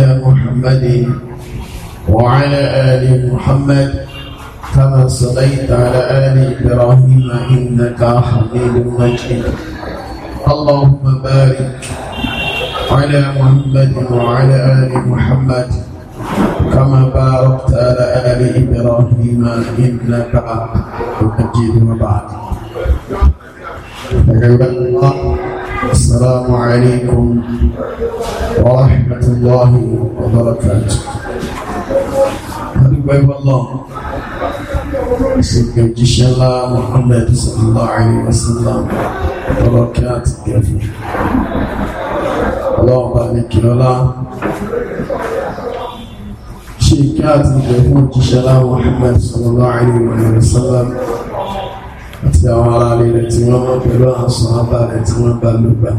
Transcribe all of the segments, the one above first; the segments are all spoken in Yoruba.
محمد وعلى آل محمد كما صليت على آل إبراهيم إنك حميد مجيد اللهم بارك على محمد وعلى آل محمد كما باركت على آل إبراهيم إنك حميد مجيد وبعد الله السلام عليكم ورحمة الله وبركاته Adúgbò ẹgbẹ́ lọ, ìṣègbè òjíṣẹ́ ńlá Muhammad sallallahu alaihi wasallam ọ̀rọ̀ kí á ti gẹ̀ fún. Ọlọ́run bá ní kí ọlá. Ṣé kí á ti gẹ̀ fún òjíṣẹ́ ńlá Muhammad sallallahu alaihi wasallam àti àwọn ará rẹ̀ tí wọ́n mọ́ pẹ̀lú àwọn sọ̀rọ̀ rẹ̀ tí wọ́n bá ló gbà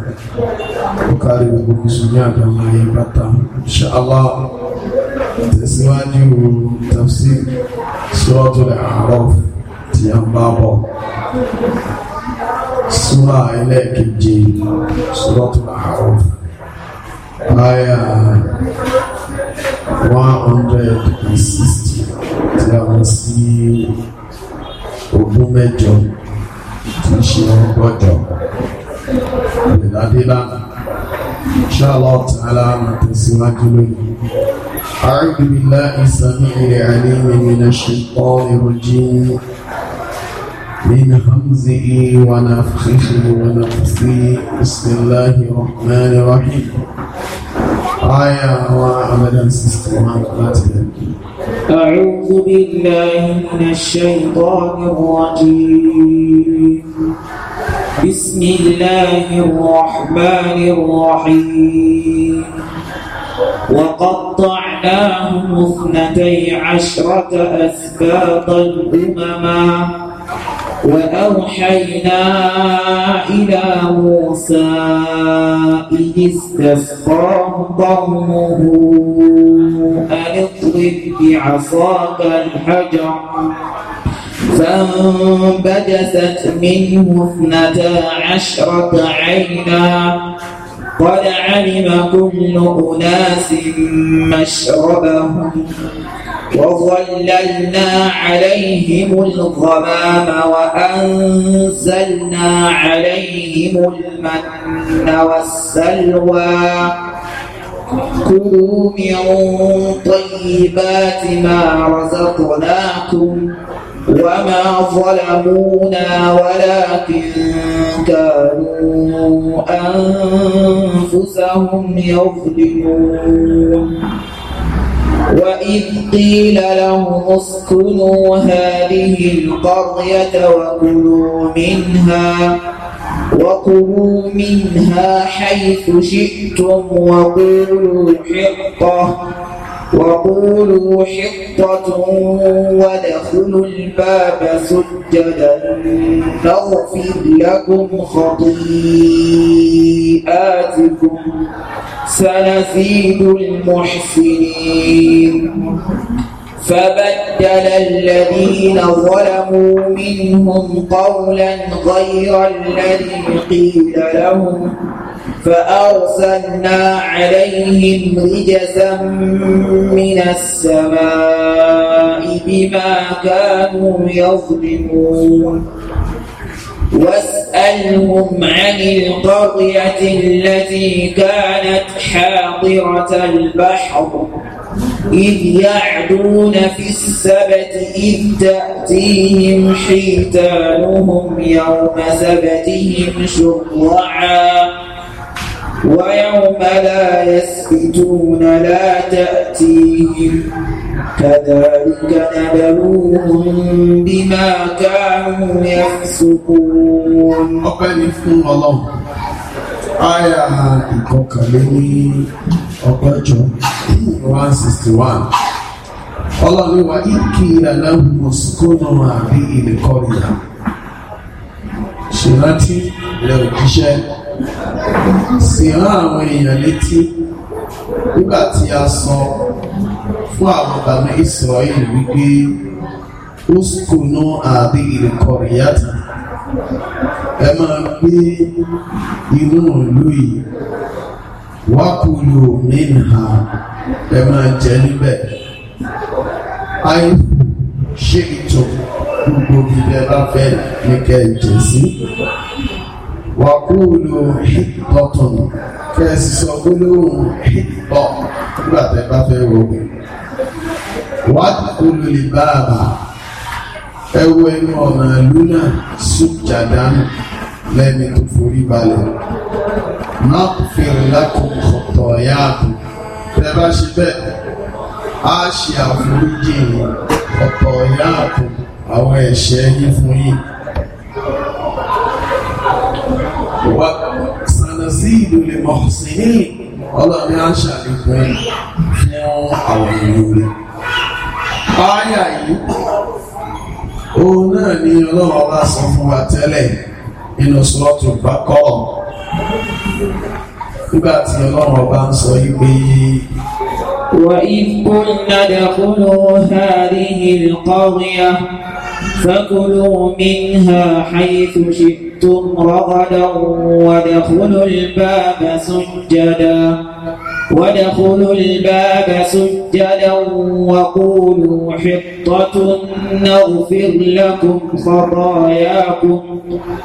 ó kárí gbogbo mùsùlùmí àgbàmọ̀ ayé bàtà ṣàlá tẹ̀síwájú tafsir Suratul A'raf tí a ń bá bọ̀ súra ẹlẹ́ẹ̀kejì Suratul A'raf báyà 160 tí a mọ̀ sí ogún mẹ́jọ tí í ṣe ọgọ́jọ ìdádélá ṣáàlọ́ tààlà lónìí أعوذ بالله السميع العليم من الشيطان الرجيم من همزه ونفخه ونفسه بسم الله الرحمن الرحيم آية وأبدا أعوذ بالله من الشيطان الرجيم بسم الله الرحمن الرحيم وقطعناهم اثنتي عشرة أسباطا أمما وأوحينا إلى موسى إذ استسقاه قومه أن اضرب بعصاك الحجر فانبجست منه اثنتا عشرة عينا قد علم كل أناس مشربهم وظللنا عليهم الغمام وأنزلنا عليهم المن والسلوى كلوا من طيبات ما رزقناكم وما ظلمونا ولكن كانوا أنفسهم يظلمون وإذ قيل لهم اسكنوا هذه القرية وكلوا منها وكلوا منها حيث شئتم وقولوا حقة وقولوا حطة وادخلوا الباب سجدا نغفر لكم خطيئاتكم سنزيد المحسنين فبدل الذين ظلموا منهم قولا غير الذي قيل لهم فأرسلنا عليهم رجسا من السماء بما كانوا يظلمون واسألهم عن القرية التي كانت حاضرة البحر إذ يعدون في السبت إذ تأتيهم حيتانهم يوم سبتهم شرعاً ويوم لا يسبتون لا تأتيهم كذلك نبلوهم بما كانوا يفسقون ọpẹ́ ni fún Ọlọ́run àyà ìkọkànlélí ọgọ́jọ one sixty one Ọlọ́run wa ìkí ìlànà mọ̀síkónà àbí ìlẹ̀kọ́ ìlà ṣèrántí ilẹ̀ òjíṣẹ́ sì rán àwọn èèyàn létí nígbà tí a sọ fún àwọn bàbá Israel wípé ó sùkúnú àbí ìrìkọ̀rì yàtọ̀ ẹ máa gbé inú ìlú yìí wákùlù mìíràn ẹ máa jẹ níbẹ̀ ayé ṣe ìtò gbogbo ìdẹ́bàfẹ́ ní kẹ́ẹ̀jẹ̀ sí wàkúùlù hìtọ̀tún kẹ́sì sọ gbólóhùn hìtọ̀ nígbà tẹ́ bá fẹ́ wọgbẹ̀ wàkúùlù lè bá a bà ẹ wo ẹnu ọ̀nà ìlú náà sùjàdánù tó forí balẹ̀ náà fèrè lákòó ọ̀tọ̀ yáàbù bá ṣe bẹ́ẹ̀ á àforíjì ọ̀tọ̀ yáàbù àwọn ẹ̀ṣẹ̀ yín fún yín. sanazidu lè mọ̀ sí ní ọlọ́ni àṣà nìkan fún àwọn èèyàn rẹ̀. Báyà yìí, òun náà ni ọlọ́run ọlá sọ fún wa tẹ́lẹ̀ nínú sọ́ọ̀tù Bákọ́ọ̀. Nígbà tí ọlọ́run ọba ń sọ yí pé وإذ قلنا ادخلوا هذه القرية فكلوا منها حيث شئتم رغدا وادخلوا الباب سجدا وادخلوا الباب سجدا وقولوا حطة نغفر لكم خطاياكم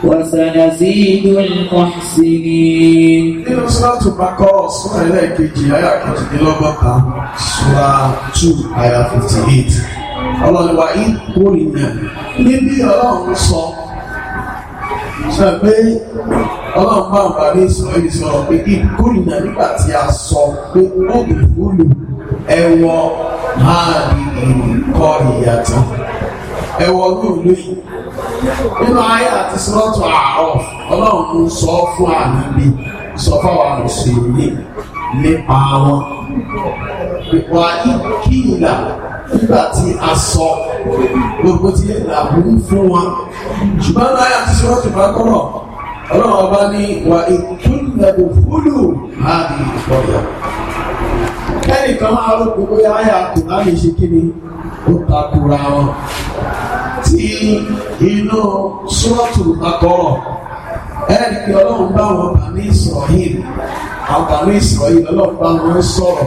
وسنزيد المحسنين. nínú sọ́ọ̀tù bàkọ́ sọ́ọ̀rẹ́ ọlọ́lẹ́wà ìkórìnà níbi ọlọ́run sọ sọ pé ọlọ́run bá ń parí ìsọ̀rọ̀ ìsọ̀rọ̀ pé ìkórìnà nígbà tí a sọ pé ó dùkúlù ẹwọ ààrin ìkọ́ ìyàtọ̀ ẹwọ lóòlù yìí nínú ayé àti sọ́tọ̀ àárọ̀ ọlọ́run sọ fún àmì sọ fáwọn àmì nípa wọn wà ní kíìlà nígbà tí a sọ gbogbo tí làbùn fún wọn ṣùgbọ́n láyà ti sọ́rọ́ ti bá kọ́rọ̀ ọlọ́run ọba ní wà ìkúnlẹ̀ òfúlù láàbì ìfọ̀yọ̀ kẹ́nìkan máa rò gbogbo yáyà kò náà lè ṣe kí ni ó takura wọn tí inú sọ́ọ̀tù akọ̀rọ̀ ẹ̀rí pé ọlọ́run bá wọn bá ní ìsọ̀hìn àwọn bá ní ìsọ̀hìn ọlọ́run bá wọn sọ̀rọ̀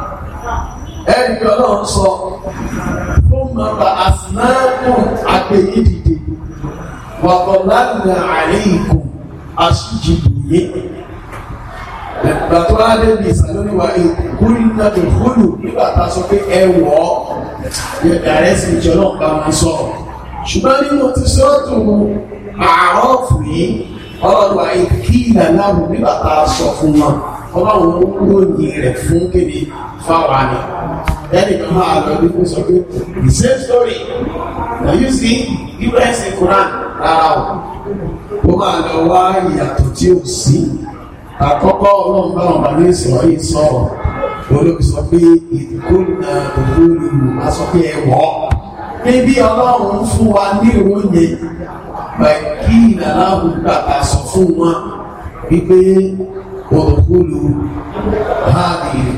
ẹni kan náà sọ fún mọ̀tà àsìnáàkùn àgbèyí dìde wàkọ̀láàdìnà àríkù aṣíjìdìyẹ ẹgbà tó wá débi ìsàlórí wa ìkúrí náà tó fúlù nígbà tá a sọ pé ẹ wọ̀ ọ́ yẹ dàrẹ́ sí ìjọ náà bá wọn sọ̀rọ̀ ṣùgbọ́n nínú ti sọ́ọ̀tù àárọ̀ fún yìí ọlọ́run àìkí ìlànà nígbà tá a sọ fún wọn ọlọ́run lóyìn rẹ̀ fún kéde fáwọn àmì ẹnì kan máa lọ ní fún sọ pé the same story na you see us in Quran rárá o ó máa lọ wá ìyàtọ̀ tí ó sí àkọ́kọ́ ọlọ́run bá wọn bá ní ìsọ̀rọ̀ yìí sọ̀rọ̀ olóògbé sọ pé ìdíkùnà òfúrú aṣọ pé ẹ wọ́ níbi ọlọ́run fún wa ní ìròyìn pẹ̀kí ìlànà àwùjọ àtàṣọ fún wọn wípé wọ̀kúlù ha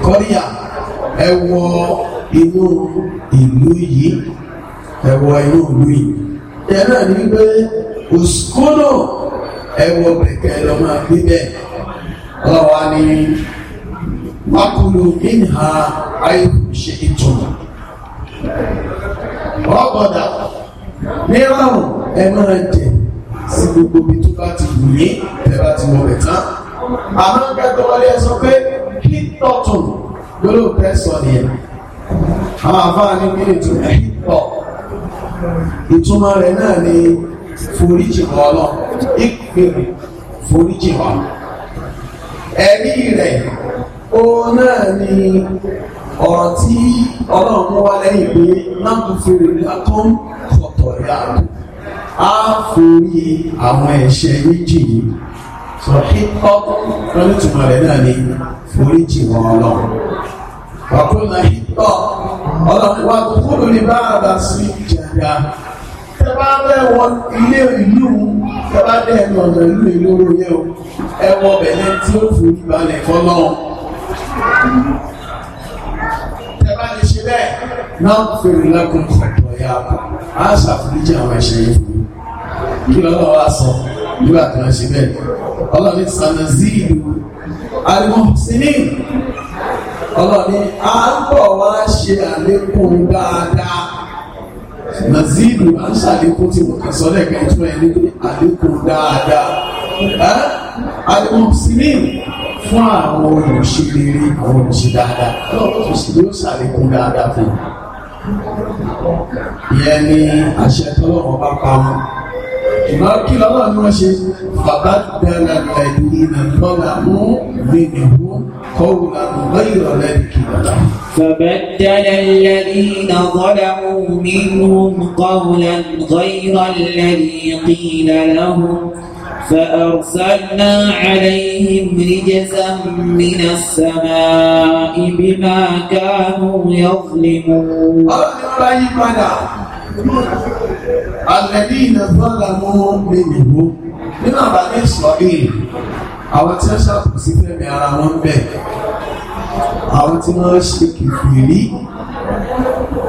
kọ́ríyà kọrịa wọ inú ìlú yìí ẹwọ inú yìí ẹ̀rọ ni ní òsùkúnù ẹ bẹ̀kẹ́ lọ máa gbé bẹ́ẹ̀ ọlọ́wà ni wákùlù ìhà ṣe ìtumọ̀ ọgbọ̀dà níláwọ̀ ẹ máa jẹ sí gbogbo ibi tó àmọ́ kẹ́kọ̀ọ́ wọlé ẹ sọ pé kí tọ̀tún lórí òkè sọ nìyẹn àwọn àfáà ní bí ètò ẹ̀ pọ̀ ìtumọ̀ rẹ̀ náà ni foríjì ọlọ́ ìpèrè foríjì ọlọ́ ẹ̀rí rẹ̀ ó náà ni ọ̀rọ̀ tí ọlọ́run wá lẹ́yìn pé láàbù fèrè látọ́ ń kọ̀tọ̀ yàtọ̀ á forí àwọn ẹ̀ṣẹ̀ méjì yìí sọ̀híkọ́ lórí ìtumọ̀ rẹ̀ náà ni foríjì wọn ọlọ́run wàkúnlá híkọ́ ọlọ́run wà kúrò ní báàbà sí ìjàdá tẹ bá bẹ́ wọ ilé ìlú tẹ bá dẹ́ ẹnu ọ̀nà ìlú ìlú yẹ o ẹ wọ bẹ̀yẹ tí ó forí balẹ̀ fọlọ́run tẹ bá lè ṣe bẹ́ẹ̀ náà fèrè lẹ́kùn ọ̀yà àṣà foríjì àwọn ẹ̀ṣẹ̀ yìí kí lọ́lọ́wọ́ á sọ nígbà tí wọ́n ṣe bẹ́ẹ̀ ọlọ́ni sànàzí ìlú alimọ̀síní ọlọ́ni a ń bọ̀ wá ṣe àlékún dáadáa nàzíìlù à ń ṣàlékún tí mo kàn sọ́lẹ̀ kẹjọ ẹni pé àlékún dáadáa alimọ̀síní fún àwọn olùṣèlérí àwọn olùṣe dáadáa ọlọ́run tó sì ló ṣàlékún dáadáa fún ìyẹn ni àṣẹ tọ́lọ́run bá pa wọn. ṣùgbọ́n kí lọ́wọ́ ni wọ́n ṣe bàbá dára ẹ̀dínlẹ̀ lọ́la mú فبدل الذين ظلموا منهم قولا غير الذي قيل لهم فأرسلنا عليهم رجزا من السماء بما كانوا يظلمون alẹ́bí ilẹ̀ bọ́ọ̀lù amúhún lè yìnbó nínú àbálẹ́ ìsọ̀rìlì àwọn tí wọ́n ṣàpò sí fẹ́mi ara wọn bẹ̀ àwọn tí wọ́n ṣe kìfìrí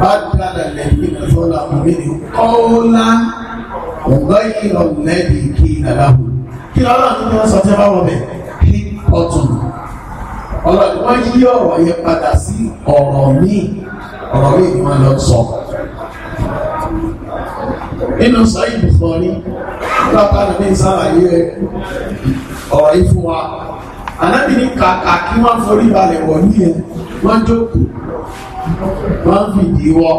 bá dáadáa lẹ́bí ilẹ̀ bọ́ọ̀lù amúhún lè kọ́ọ́lá ọ̀gá ìkìlọ̀ lẹ́bí kí ìdàláwò kí ọlọ́run tí wọ́n sọ tí wọ́n wọ̀ bẹ̀ kí ọ̀tún ọlọ́run wọ́n yí ọ̀rọ̀ yẹn padà sí ọ̀rọ̀ míì ọ̀rọ̀ míì ni wọ́n lọ sọ nínú sáyé Bukhari bàbá nàbí sàlàyé rẹ̀ ọ̀rọ̀ yìí fún wa ànábì ní kàkà kí wọ́n forí balẹ̀ wọ̀ ní ẹ̀ wọ́n jókòó wọ́n fìdí wọ́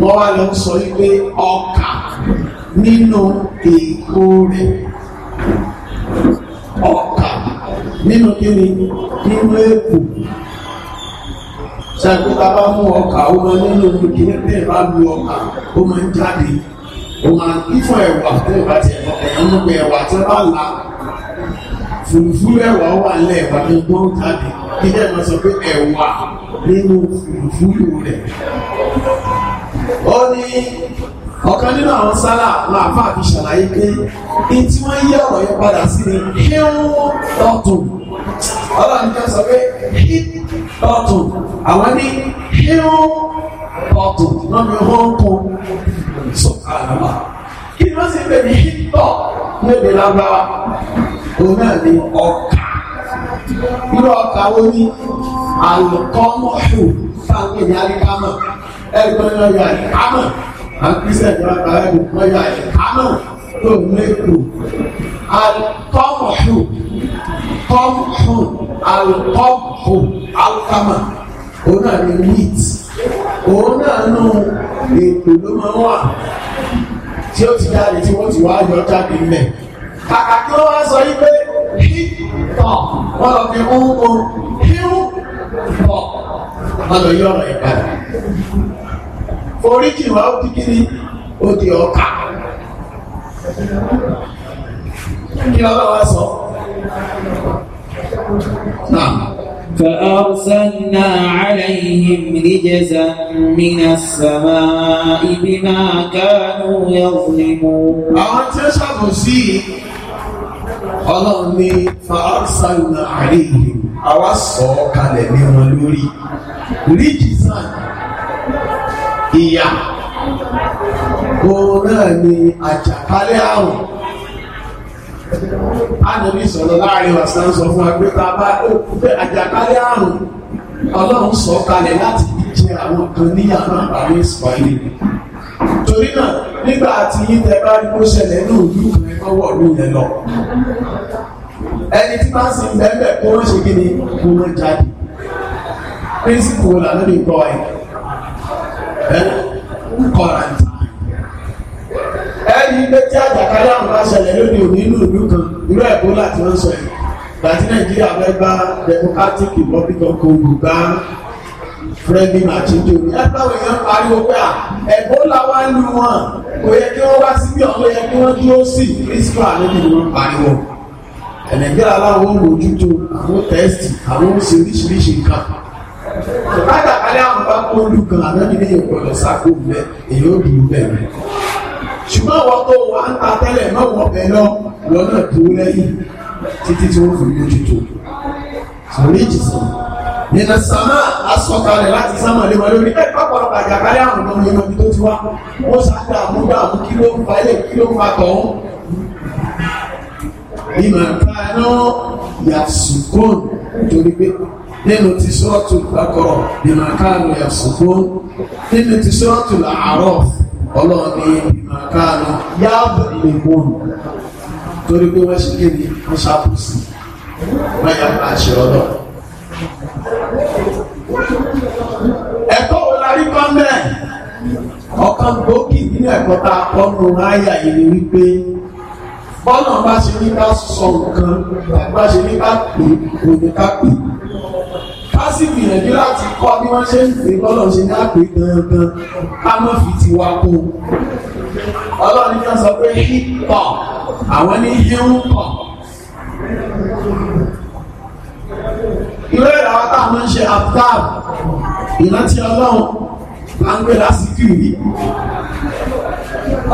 wọ́n wá lọ sọ wípé ọkà nínú èkó rẹ̀ ọkà nínú kíni nínú èkó sẹ́kù bàbá mú ọkà ó máa nílò lókè bẹ́ẹ̀ bá lu ọkà ó máa ń jáde ó máa kí fún ẹ̀wà tẹ́ ìbá tiẹ̀ ẹ̀yàn mú pé ẹ̀wà tẹ́ bá la fùlùfúlù ẹ̀wà wà lẹ̀ ẹ̀wà ní gbọ́n jáde kí dẹ́ máa sọ pé ẹ̀wà nínú fùlùfúlù rẹ̀. ó ní ọ̀kan nínú àwọn sálà máa fà fi ṣàlàyé pé ní tí wọ́n yí ọ̀rọ̀ yẹn padà sí ni híhún tọ́tù ọlọ́run àwọn ní hero bottle lọ́nà hóńkù so àlàmà kí ló sì pè ní hito lédè lágbára òun náà ní ọkà irú ọkà wo ní alùkọ́mọ̀ṣù sáńgbé ní alikama ẹgbẹ́ lọ́yà ìkámọ̀ àkísẹ̀ ìjọba ẹgbẹ́ lọ́yà ìkámọ̀ tó mẹ́kù alùkọ́mọ̀ṣù kọ́mọ̀ṣù alùkọ́mọ̀ṣù alùkámọ̀ òun náà ni wheat òun náà nù èpè ló máa wà tí ó ti jáde tí wọ́n ti wá yọ jáde mẹ́ kàkà kí wọ́n wá sọ yí pé hítọ̀ wọ́n lọ fi hún un hírú pọ̀ wọ́n lọ yí ọ̀rọ̀ ìpadà oríkì wa ó di kiri ó di ọkà kí lọ́wọ́ wá sọ náà. فأرسلنا عليهم رجزا من السماء بما كانوا يظلمون àwọn tí ó ṣàbòsí ọlọ́run ní فأرسلنا عليهم àwa sọ kalẹ̀ ní wọn lórí ríjìsàn ìyà òun náà ni àjàkálẹ̀ àrùn ánàbí sọ̀rọ̀ láàrin wàsán sọ fún agbẹ́ta bá pé àjàkálẹ̀ àrùn ọlọ́run sọ kalẹ̀ láti jẹ àwọn kan ní àwọn àbáwí ìsọ̀lẹ̀ torí náà nígbà tí yín tẹ bá rí kó ṣẹlẹ̀ ní òjú rẹ kọ́wọ́ ní ilẹ̀ lọ ẹni tí bá sì ń bẹ́ẹ̀ kó wọ́n ṣe kí ni kó wọ́n jáde pírísìpù wo làlọ́ lè kọ́ ẹ̀ ẹ̀ kọ́ra ní rí pé tí àjàkálẹ̀ àrùn bá ṣẹlẹ̀ lóde òní ìlú ìlú kan irú ẹ̀bólà tí wọ́n sọ yìí láti nàìjíríà fẹ́ gba democratic republic of congo gba fúrẹ́mì màtíjò ní ẹgbẹ́wọ̀n èèyàn pariwo pé ẹ̀bólà wá ń lu wọn kò yẹ kí wọ́n wá síbí ọ̀pọ̀ yẹ kí wọ́n dúró sí kristu àlejò ni wọ́n pariwo nàìjíríà láwọn mójútó àwọn tẹ́sítì àwọn oríṣiríṣi nǹkan àjàkálẹ̀ àrùn bá kó lù kan àná nílé ìpọ̀lọ̀ sákòó bẹ́ẹ̀ èèyàn ò dùn bẹ́ẹ̀ ṣùgbọ́n àwọn tó wà ń ta tẹ́lẹ̀ náà wọ́n bẹ̀ lọ lọ́nà tó lẹ́yìn títí tí wọ́n fi lójú tó sọ̀rọ̀ èjì sí nínú sàmà asọ̀kalẹ̀ láti sàmà lé wọn lórí bẹ́ẹ̀ pápọ̀lọpọ̀ àjàkálẹ̀ àrùn náà yẹn lọ́bi tó ti wá wọ́n ṣáájú àmúgbà mú kí ló ń fa ilé kí ló ń fa tọ̀ ọ́n. ìmọ̀ ìpanu yasukun torí pé nínú ti sọ́ọ̀tù lákọ̀rọ̀ ìmọ̀ ìpanu yasukun nínú ti sọ́ọ̀tù làárọ̀ ọlọ́run ní ìmọ̀ káàánú yáàbù lè gbóòrùn torí pé wọ́n ṣe kéde wọ́n ṣàbùsì wọ́n yà bá ṣe ọlọ́ ẹ̀kọ́ wo la rí pọ́ńbẹ́ ọ̀kan gbòógì nínú ẹ̀kọ́ tá a kọ́ nù ráyà yìí wípé bọ́lá bá ṣe ní bá sọ nǹkan bá ṣe ní bá pè kò ní ká pè a sì gbìyànjú láti kọ́ bí wọ́n ṣe ń pè bọ́lọ̀ ṣe ní àpè dandan ká mọ̀ fi tiwa kó ọlọ́run kan sọ pé hip-hop àwọn ní hip-hop ìwé ìràwọ̀ tá a máa ń ṣe aftab ìrántí ọlọ́run là ń gbé lásìkò yìí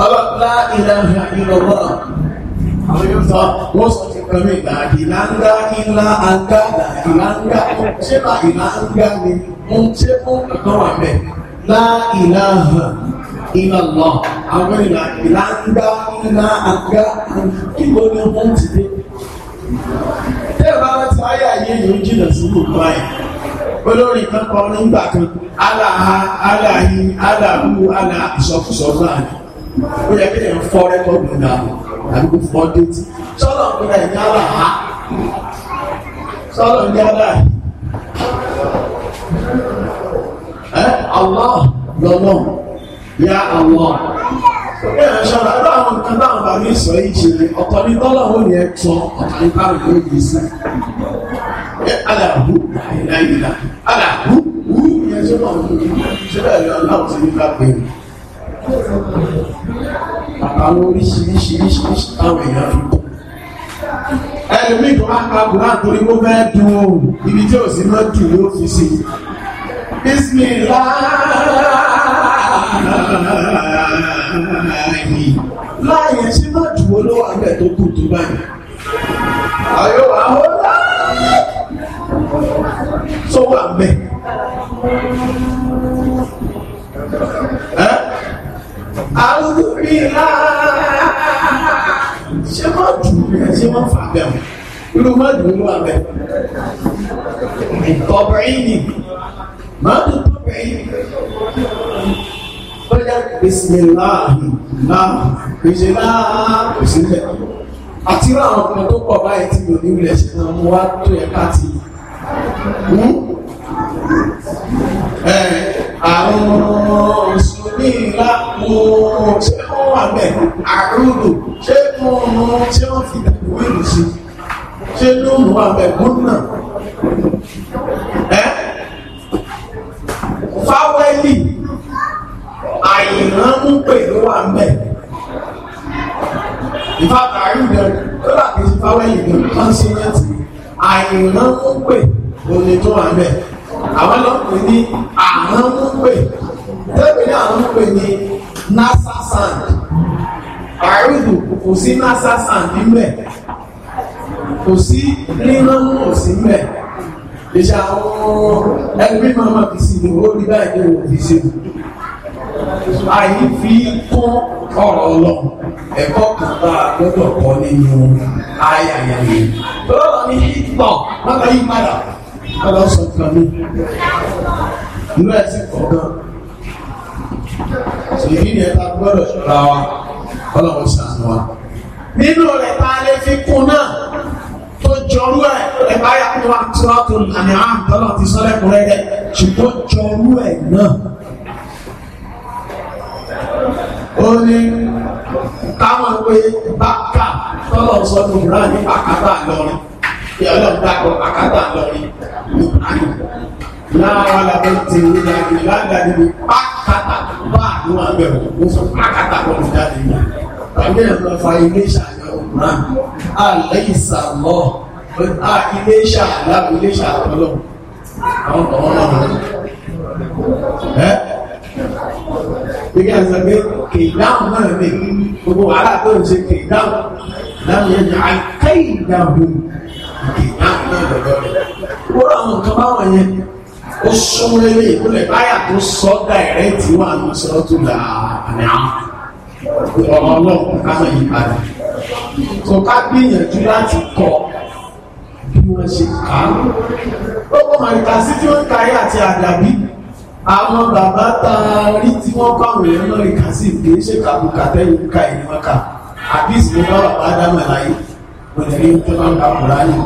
ọlọ́run lá ìlànà ìrọ̀rọ̀ àwọn yóò sọ wọ́n sọ ti pẹ̀lú ìlà ìlànà ìlà àgbà ìlànà ṣé là ìlànà ni ń ṣe fún ìtàn wà mẹ́ láìláhà ìlàlọ́ àwọn ìlànà ìlà àgbà kí ló ní wọ́n ti dé. tẹ́ bá wọ́n ti ayé ayé yìí ń jìnà sí gbogbo ayé olórin kan kọ nígbà kan aláha aláhi aláhu aláha ìsọkúsọ náà ó yẹ kí èèyàn fọ́ rẹ́kọ̀dù náà àbí kò fọ́ détí sọ́lọ̀ ń gbé yálà á sọ́lọ̀ ń ẹ Allah lọ́lọ́ yá Allah ẹ ẹ ṣọ́ra ẹ bá àwọn nǹkan táwọn bàbá ìsọ yìí ṣe ni ọ̀tọ̀ ní tọ́lọ̀ ó yẹ tọ́ ọ̀tọ̀ ní báwọn yóò yìí sí ẹ aláàbù àìláyìlá aláàbù wú ìyẹn tó náà ń lò ó ṣe bẹ́ẹ̀ lọ́wọ́ láwọn ti ní bá pè é àtàwọn oríṣiríṣiríṣiríṣi táwọn èèyàn fi kú. ẹlòmíì tó máa ń pa kùrán torí ó fẹ́ dùn ó ibi tí ò sí náà dùn yóò fi sí. bísímìláàyè láàyè sí náà dùn ó ló wà bẹ́ẹ̀ tó kù tó báyìí. àyò àwọn ọ̀la tó wà bẹ́ẹ̀. àrùn mi láàá ṣé má dùn mí ṣé má fà bẹ́ẹ̀ mọ́ irú má dùn ló wà bẹ́ẹ̀. ìtọ́bẹ̀ yìí má dùn tọ́bẹ̀ yìí. bóyá bisimilahi náà gbèsè náà àti irú àwọn ọkùnrin tó pọ̀ báyìí tí mi ní wulẹ̀ ṣe náà mo wá tó yẹ káàtì. àrùn sùn ní ìlà mo rò ṣé ó wà bẹ̀ àrùrù ṣé mo rò tí wọ́n fi dàgbò ìlú sí ṣé ló mú wà bẹ̀ gómìnà ẹ́ fáwẹ́lì àyìnrán ń pè ló wà bẹ̀ ìfàkà àrùdẹ tó dàbí fáwẹ́lì gan kọ́nsíyẹ́ntì àyìnrán ń pè òní tó wà bẹ̀ àwọn lọ́pọ̀ ní àrán ń pè tẹ́lẹ̀ ní àwọn pè ní nasa sand àrídù kò sí nasa sand níbẹ̀ kò sí rírán kò sí mẹ́ ìṣà àwọn ẹgbẹ́ mọ́mọ́ fi sí ìwò orí báyìí ní òfin ṣe àyí fi kún ọ̀rọ̀ lọ ẹ̀kọ́ kan bá a gbọ́dọ̀ kọ́ nínú ayàyàyè lọ́rọ̀ ní ìtọ̀ lọ́kọ̀ yí padà lọ́sọ̀kan ní ìlú ẹ̀sìn kọ̀ọ̀kan ìdí ni ẹ̀ta gbọ́dọ̀ ṣọ́ra wa ọlọ́run ṣàánú wa. nínú rẹ̀ tá a lè fi kún náà tó jọrú ẹ̀ ẹ̀ka yàtọ̀ wa tí wọ́n tó àmì àwọn àtọ́lọ́ ti sọ lẹ́kùnrin rẹ̀ ṣùgbọ́n jọrú ẹ̀ náà. ó ní táwọn pé bákà tọ́lọ̀ sọ ní ìran ní àkátà lọ́rin ìyá ọlọ́run dákọ̀ àkátà lọ́rin ní ìran láwọn alábẹ́tẹ̀ ìwúdà ìlànà ìlú pákátà bá àdúrà bẹ̀rẹ̀ ó sọ pákátà bọ̀ ní jáde yìí tàbí ẹ̀rọ fa ilé ìṣàyẹ̀wò náà àlẹ́ ìsàlọ́ ilé ìṣàlá ilé ìṣàlọ́ àwọn kan wọn náà ẹ́ gbígbà ń sọ pé kèdáhùn náà lè gbogbo wàhálà tó ń ṣe kèdáhùn láwọn yẹn ní àìkẹ́ ìdáhùn kèdáhùn náà lọ́dọ̀ rẹ̀ wọ́n àwọn kan báwọn yẹn ó súnmọ́ lé ìpínlẹ̀ báyà tó sọ dàìrẹ́tì wà ní sọ́tù làánà ọmọ ọlọ́run káwọn yìí padà tó ká gbìyànjú láti kọ bí wọ́n ṣe kà á gbogbo màríkà sí tí ó ń káyé àti àdàbí àwọn bàbá tá a rí tí wọ́n kọ́ àwọn èèyàn náà ìkà sí ìgbé ṣe kàbùkà tẹ́yìn ká ìrìnmọ́ka àbí ìsìnkú bá bàbá dámọ̀ láyé òdìrí tó máa ń ka kùrá yìí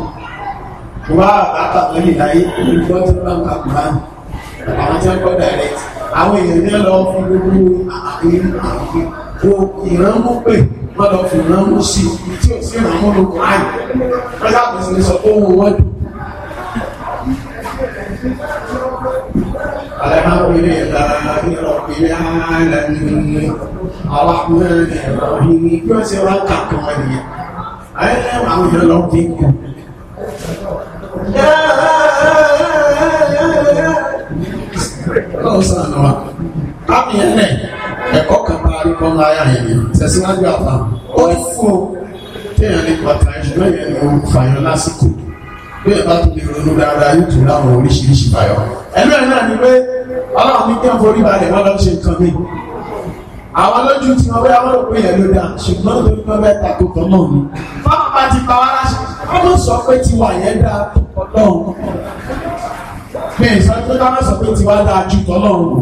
wá àbábà wọn lè láyé olùkọ́ tí wọ́n bá kúrá àwọn tí wọ́n kọ́ direct àwọn èèyàn ní lọ fún gbogbo àárín àárín wo ìrànmú pè wọ́n lọ fi ìrànmú sí tí ò sí ìrànmú ló kọ́ àyè wọ́n sábà sì sọ pé òun wọ́n dùn. الحمد لله رب العالمين الرحمن الرحيم yóò ṣe wá kàkọ́ ẹ̀yẹ ayẹyẹ àwọn èèyàn lọ dín kù ọ̀sán àwa kámi yẹn lẹ̀ ẹ̀kọ́ kan bá rí kọ́ láyà yẹn ni tẹ̀síwájú àfa ó ní fún o téèyàn ní pàtà ìṣúná yẹn ni òun fàyọ lásìkò bí ẹ bá tó lè ronú dáadáa yóò tún láwọn oríṣiríṣi fàyọ. ẹnu ẹ̀ náà ni pé ọlọ́run ní kí wọ́n forí balẹ̀ wọ́n lọ ṣe nǹkan mi. àwọn lójú tí wọ́n bẹ́ àwọn òpin yẹn ló dáa ṣùgbọ́n lórí pẹ́ mẹ́ta tó tọ́ náà ni. fáwọn bá ti pa wá láṣẹ ká má sọ pé tiwa yẹn dá ọlọ́run bẹ́ẹ̀ sọ pé ká má sọ pé tiwa dáa ju tọ́lọ́run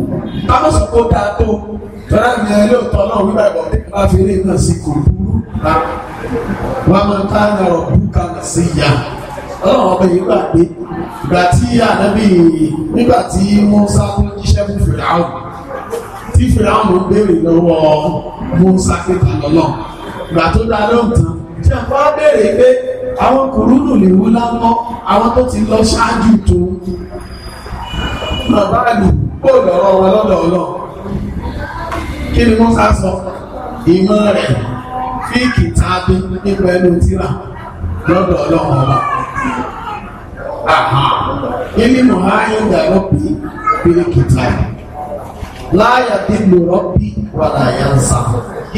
ká má sọ pé ó dáa tó tọ́lá mi ẹ ló tọ́lọ́run wíwá ìbọn bí ká fi eré náà sí kò burú rà wọ́n máa ń ká ní ọ̀rọ̀ búkà sí ìyá ọlọ́run ọba yìí gbàgbé ìgbà tí ànábì nígbà tí Mùsá kún jíṣẹ́ fún fìràhùn tí fìràhùn béèrè lọ́wọ́ Mùsá kékeré lọ́lọ́ ìgbà tó dá lóhùn tán ṣe ń bá béèrè pé àwọn kùrúnù lè wú lánà àwọn tó ti lọ ṣáájú tó náà báyìí kó lọ́rọ̀ wọn lọ́dọ̀ ọlọ́ kí ni wọ́n sá sọ ìmọ̀ rẹ̀ fíìkì tàbí nípa ẹnu tíra lọ́dọ̀ ọlọ́run ọba ilé mọ̀háyé ìdàrọ́ bí fíìkì tàbí láyà tí lò rọ́bí wà láyà ń sá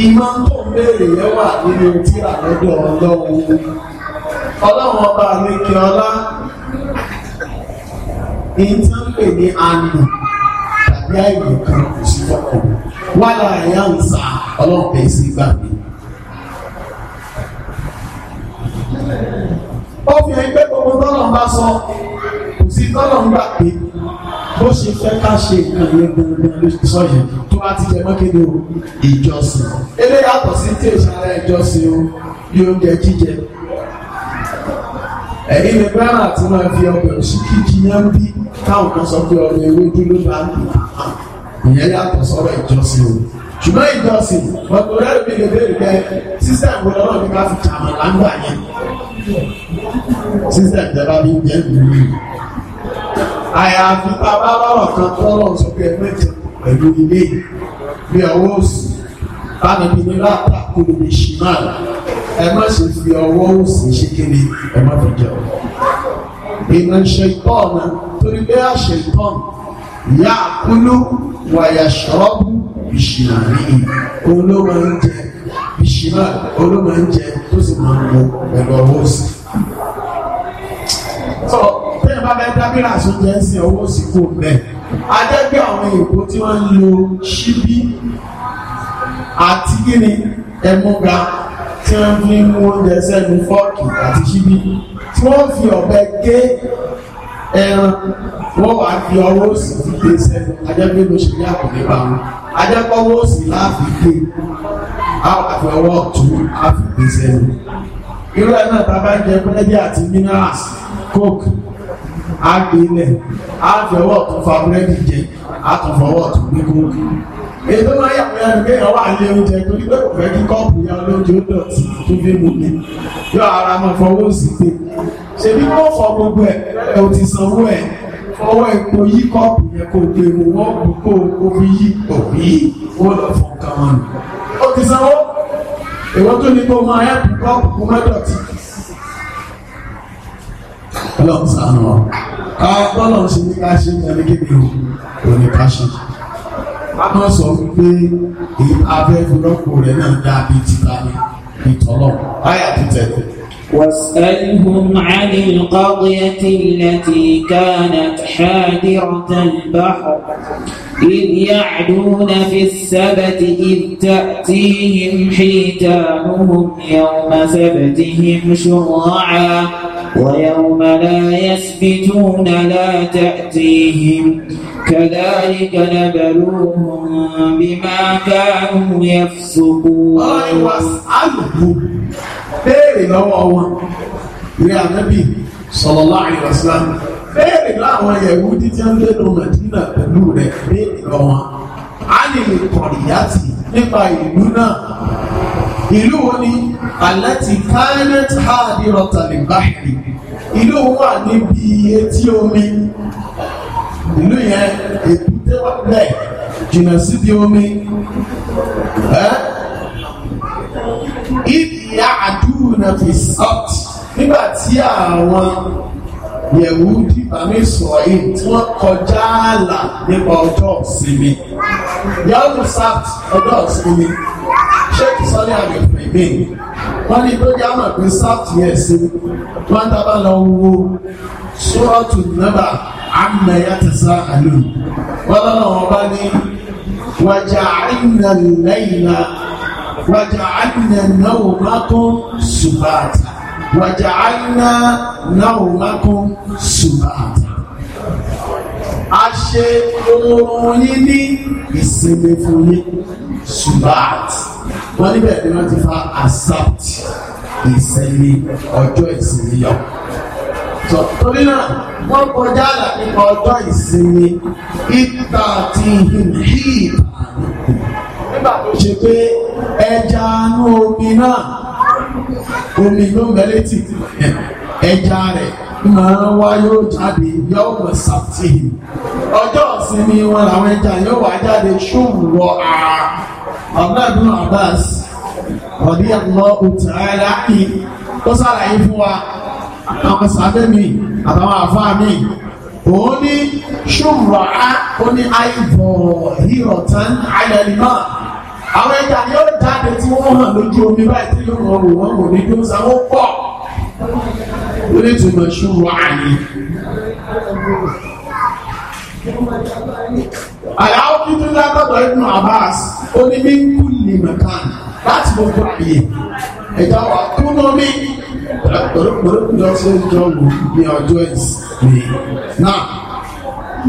ìmọ̀ tó ń béèrè yẹn wà nínú tíra lọ́dọ̀ ọlọ́run ọlọ́run ọba àlékè ọlá èyí tí wọ́n pè ní àná tàbí àìlè kan kò sí fọ́kàn wà láàyè àǹsà ọlọ́run bẹ̀ sí gbà mí. ó fi ẹgbẹ́ gbogbo tọ́lọ̀ bá sọ kò sí tọ́lọ̀ ń gbà pé bó ṣe fẹ́ ká ṣe nǹkan yẹn gbogbo ló ṣe sọ yẹn tó bá ti jẹ mọ́kéde o ìjọsìn eléyàtọ̀ sí tí èsì ara ìjọsìn o bí oúnjẹ jíjẹ ẹ̀yin lè gbára àti máa fi ọbẹ̀ òsìkìkì yẹn bí táwọn kan sọ pé ọbẹ̀ ewédú ló bá ń bì ìyẹn yàtọ̀ sọ́rọ̀ ìjọsìn o ṣùgbọ́n ìjọsìn ọkùnrin rẹ̀ mi lè béèrè pé sísẹ́ ìwòlọ́ náà ní ká fi jàmọ̀ láńgbà yẹn sísẹ́ ìjọba mi jẹ́ ìlú àyàfi bàbá bàbá kan tọ́lọ̀ sókè mẹ́jọ pẹ̀lú ilé bí ọwọ́ òsì bá mi ní látà kúrò ní ṣìmáàlì ẹ má ṣe fi ọwọ́ òsì ṣe kéde ẹ má fi jẹun. ìmọ̀ ṣètọ́ọ̀nù torí pé àṣetọ́ọ̀nù ìyá àkúlú wàyà ṣọ́ọ̀bù bìṣìnàrí òun ló máa ń jẹ bìṣìnà òun ló máa ń jẹ tó sì máa ń mu ọwọ́ òsì. sọ tẹ́yìn bá bẹ́ẹ̀ dábìlà sóúnjẹ ń sin ọwọ́ òsì kò mẹ́ẹ̀ ajẹ́gbẹ́ àwọn èèpo tí wọ́n ń lo ṣíbí àti gíní ẹ̀múga tí wọ́n fi mú oúnjẹ sẹ́nu fọ́ọ̀kì àti ṣíbí tí wọ́n fi ọ̀bẹ gé ẹran wọ́n wá fi ọwọ́ sí ti gbé sẹ́nu ajẹ́pẹ́ ló ṣe ní àpò nípa wọn ajẹ́pẹ́ ọwọ́ sí láàfin gbé àfi ọwọ́ ọ̀tún àfi gbé sẹ́nu irú ẹ̀ náà tá a bá ń jẹ búrẹ́dì àti minerals coke á gbé ilẹ̀ á fi ọwọ́ ọ̀tún fa búrẹ́dì jẹ á tún fọwọ́ ọ̀tún gbé coke ètò máa yà wọ́n yàrá kéèyàn wà lé oúnjẹ tó nígbà kò fẹ́ kí kọ́ọ̀pù yà lóúnjẹ ó dọ̀tí tó fi mú mi yọ ara máa fọwọ́ sí pé ṣèbí wọ́n fọ gbogbo ẹ̀ ẹ̀ ò ti sanwó ẹ̀ fọwọ́ epo yí kọ́ọ̀pù yẹn kò gbé mu wọ́n kò kó o fi yí òbí wọ́n lọ fọ nǹkan wọn nù. ó ti sanwó èwo tó ní kó máa yàtọ̀ kọ́ọ̀pù kó má dọ̀tí. ọlọ́run sàánú ọ ká bọ́lọ̀ ṣe ní ká ṣe ní ẹni kékeré òní ká ṣe. sọ wípé rẹ̀ náà dàbí títa ní ìtọ́lọ̀ báyà ti tẹ̀lé. واسألهم عن القضية التي كانت حادرة البحر إذ يعدون في السبت إذ تأتيهم حيتانهم يوم سبتهم شرعا ويوم لا يسبتون لا تأتيهم كذلك نبلوهم بما كانوا يفسقون béèrè lọ́wọ́ wọn rí ànábì sallallahu alaihi wasallam béèrè láwọn ẹ̀wú títí ń lẹ́nu Mẹ̀dínà pẹ̀lú rẹ̀ béèrè lọ́wọ́ a lè kọ̀rìyá tì nípa ìlú náà ìlú wo ni àlẹ́tì káyẹ́t háàdìrọ̀tà lè báyìí ìlú wà níbi etí omi ìlú yẹn èbúté wà bẹ́ẹ̀ jìnnà síbi omi ẹ́ ìyá àdúrà fi sọ́t nígbà tí àwọn yẹ̀wù dìbà ní sọ̀yìn tí wọ́n kọjá ààlà nípa ọjọ́ ìsinmi yàwù sábt ọjọ́ ìsinmi ṣéèkì sọ́lé àmì ìpè mí wọ́n ní tó jẹ́ àmọ̀ pé sáàtì yẹn sí wọ́n ń dábàá lọ wo sọ́ọ̀tù nọ́bà àmì yàtẹ̀sá àlù wọ́n lọ́nà wọn bá ní wàjà àìnà lẹ́yìnà wàjà àìnà náwó mákún ṣùgbàtà wàjà àìnà náwó mákún ṣùgbàtà a ṣe oorun yín ní ìsinmi fún yín ṣùgbàtà wọ́n níbẹ̀ ni wọ́n ti fa accept ìsinmi ọjọ́ ìsinmi yọ. sọ torí náà wọ́n kọjá àlà nípa ọjọ́ ìsinmi ìta ti hìhì nígbà tó ṣe pé ẹja inú omi náà omi ló ń bẹ létí ẹja rẹ̀ máa wá yóò jáde yóò mọ̀ sàtìhì ọjọ́ sinmi wọn làwọn ẹja yóò wá jáde ṣòwò àà abdulhamid abbas ọdí ẹ̀kọ́ òtàrà ní ó sàlàyé fún wa àwọn sàbẹ̀ mi àtàwọn àfáà mi òun ní ṣòwò àà ó ní àìbọ̀ hírọ̀tán àyẹ̀lìmọ́ àwọn ẹja yóò jáde tí wọ́n hàn lójú omi báyìí tí yóò rọrùn wọn kò ní dúró sanwó pọ̀ lórí ìtumọ̀ a àyè àyàwó tuntun látọ̀dọ̀ Ibn Abbas ó ní mí kú lè mẹ́ta láti gbogbo àyè ẹ̀dá wa kú mọ́ mi lọ́sẹ̀ jọ̀wọ́ ní ọjọ́ ìsinmi náà.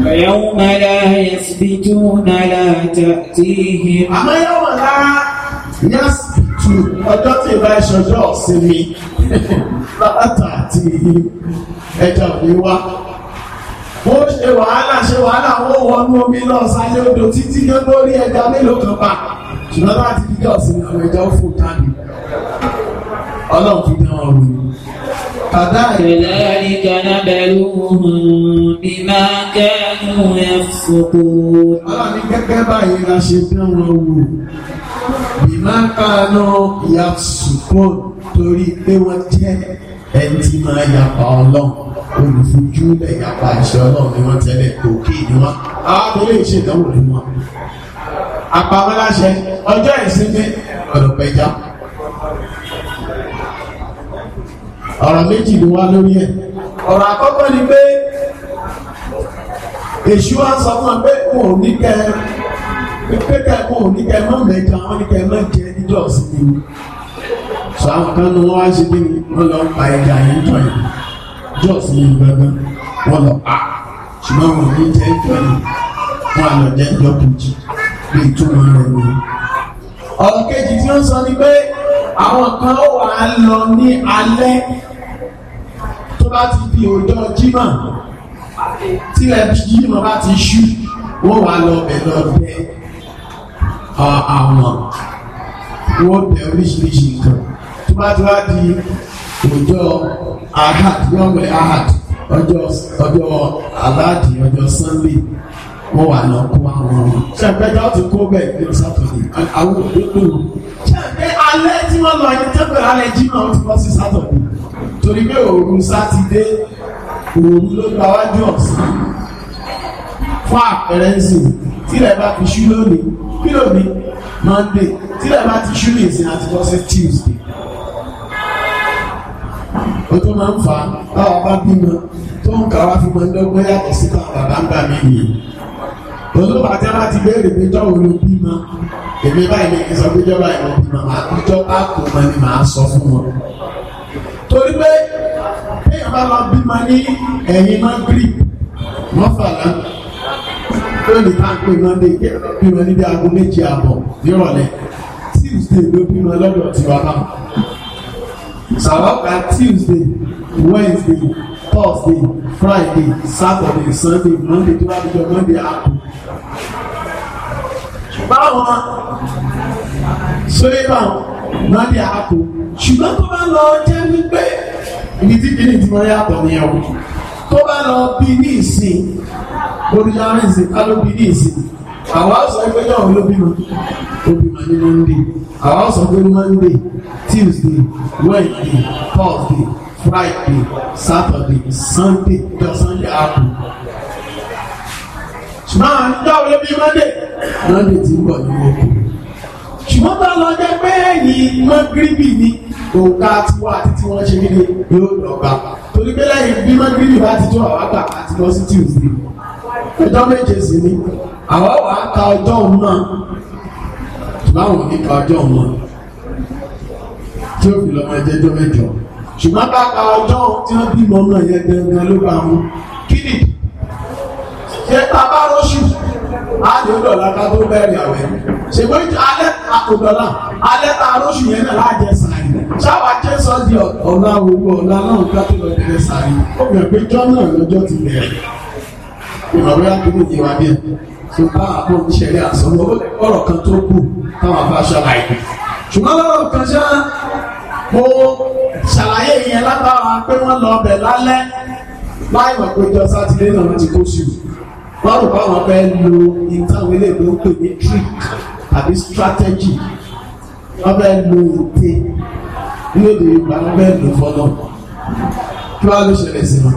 ويوم لا يثبتون لا تأتيهم àmọ́ yóò wà lára yásìtù ọjọ́ tí ìbá ìṣọjọ́ ọ̀sìn mi látàtì ẹjọ́ mi wá ó ṣe wàhálà ṣe wàhálà ó wọnú omi náà sáré odò títí kan lórí ẹja mélòó kan pa ṣùgbọ́n láti fi jọ sí àwọn ẹja ó fò jáde ọlọ́run fi dán wọn wò kàdá ìrẹ̀lẹ́rì kaná bẹ̀rù bí máa kẹ́nu ẹ̀ fòkó. ọlọ́run ní gẹ́gẹ́ báyìí la ṣe dán wọn wò bí máa ìyá sùkúrò torí pé wọ́n jẹ́ ẹni tí máa pa ọlọ́run olùfojú lẹ̀ yapa àṣẹ ọlọ́run ni wọ́n tẹ́lẹ̀ òkè ni wọ́n arábìnrin lè ṣe ìdánwò ní wọn. àpamọ́ láṣẹ ọjọ́ ìsinmi ọ̀rọ̀ pẹ̀já. ọ̀rọ̀ méjì ló wá lórí ẹ̀ ọ̀rọ̀ àkọ́kọ́ ni pé èṣù wa sọ fún wa pé kò ní kẹ́ pé kẹ́ kò ní kẹ́ mọ́ mẹ́jọ àwọn ní kẹ́ mọ́ jẹ́ níjọ́ sí ni sọ àwọn kan ní wọ́n wá ṣe bí wọ́n lọ pa ẹja yìí tọ̀ yìí jọ́ọ̀sì yìí gbẹ́gbẹ́ wọ́n lọ pa ṣùgbọ́n wọn ní jẹ́ ìjọ yìí wọ́n á lọ jẹ́ ìjọ kejì bí ìtumọ̀ rẹ̀ ni. ọ̀rọ̀ kejì tí wọ́n sọ ni pé àwọn kan wà á lọ ní alẹ́ tó bá ti di ọjọ́ jímọ̀ tílẹ̀ jímọ̀ bá ti ṣú wọ́n wà lọ bẹ̀ lọ bẹ̀ àwọn wọ́n bẹ̀ oríṣiríṣi nǹkan bá ti wá di ọjọ́ ahad yọ̀wẹ̀ ahad ọjọ́ ọjọ́ aláàdì ọjọ́ sunday wọ́n wà lọ kó àwọn ọmọ. ṣàpẹjọ ti kó bẹ́ẹ̀ ní sátọdẹ àwọn òdòdó. ṣàpẹ alẹ́ tí wọ́n lọ yẹn tẹpẹ alẹ́ jí náà ti bọ́ sí sátọdẹ torí pé òru sátidé òru ló gba wájú ọ̀sán fún àpẹẹrẹ ń sìn tílẹ̀ bá fi ṣú lónìí kí lónìí monday tílẹ̀ bá ti ṣú lè sìn àti tuesday o tó máa ń fa báwa bá bímọ tó ń kà wá fi máa ń dọ́gbọ́n yàtọ̀ sí táwọn bàbá ń gbà mí nìyí olùbà tí a bá ti béèrè pé jọ́ òun ló bímọ èmi báyìí ní sọ pé jọba ìwọ bímọ màá kó jọ bá kó mọ ni màá sọ fún wọn. torí pé kéèyàn bá lọ bímọ ní ẹ̀yìn mọ́gírì mọ́fàlá lónìí tá à ń pè mọ́ndé kéèyàn lọ bímọ níbi aago méje àbọ̀ nírọ̀lẹ́ tíìsì ló bímọ lọ́dọ̀ tiwa báwọn. So I work like Tuesday, Wednesday, Thursday, Friday, Saturday, Sunday, Monday, Tuesday, Monday, di jọ Monday àpò. Báwọn Monday àpò. Ṣùgbọ́n tó bá lọ jẹ́ wípé ibi tí kìíní ti máa yàtọ̀ nìyẹn o. Tó bá lọ bí ní ìsìn, olùyọrí ìsìn, ká ló bí ní ìsìn àwọn sọ pé yọ̀hún ló bímọ ó bímọ ní monday àwọn sọ pé monday tuesday wednesday thursday friday saturday sunday the sunday happen. ṣùgbọ́n àwọn ìjọba ló bí monday monday ti ń bọ̀ ní wọn kù ṣùgbọ́n bá lọ jẹ́ pé ẹ̀yìn mọ́gírìbì ni òǹkà tiwa àti tí wọ́n ṣe nílé yóò lọ́gbà torí pé lẹ́yìn bí mọ́gírìbì bá ti tó àwọn àgbà àti lọ sí tuesday. ẹjọ́ méje ni àwọn wà á ka ọjọ́ òun náà ka ọjọ́ òun náà tí ó fi lọ́mọ ẹjẹ́ mẹ́jọ ṣùgbọ́n ka ọjọ́ tí wọ́n bímọ náà yẹ dandan ló bá mú kí ni ṣé bàbá á lè dọ̀là ká tó bẹ̀rẹ̀ àwẹ̀ alẹ́ alẹ́ ta yẹn náà láàjẹ ọ̀la owó ọ̀la náà ká tó lọ bẹ̀rẹ̀ ó pé jọ́ ti bẹ̀rẹ̀. ìrọ̀lẹ́ àdúgbò yìí wá bíẹ̀ tó bá àpò ìṣẹ̀lẹ̀ àsọ̀rọ̀ ọ̀rọ̀ kan tó kù táwọn afá ṣàlàyé ṣùgbọ́n lọ́rọ̀ kan ṣá mo ṣàlàyé ìyẹn látara pé wọ́n lọ bẹ̀ lálẹ́ láì mọ̀ pé jọ sátidé náà ti kó sí i wọ́n rò báwọn fẹ́ lo ìtàwé lè ló pè ní trick àbí strategy wọ́n fẹ́ lo ète ní èdè Yorùbá wọ́n fẹ́ lò fọ́nà kí wọ́n á ṣẹlẹ̀ sí wọn.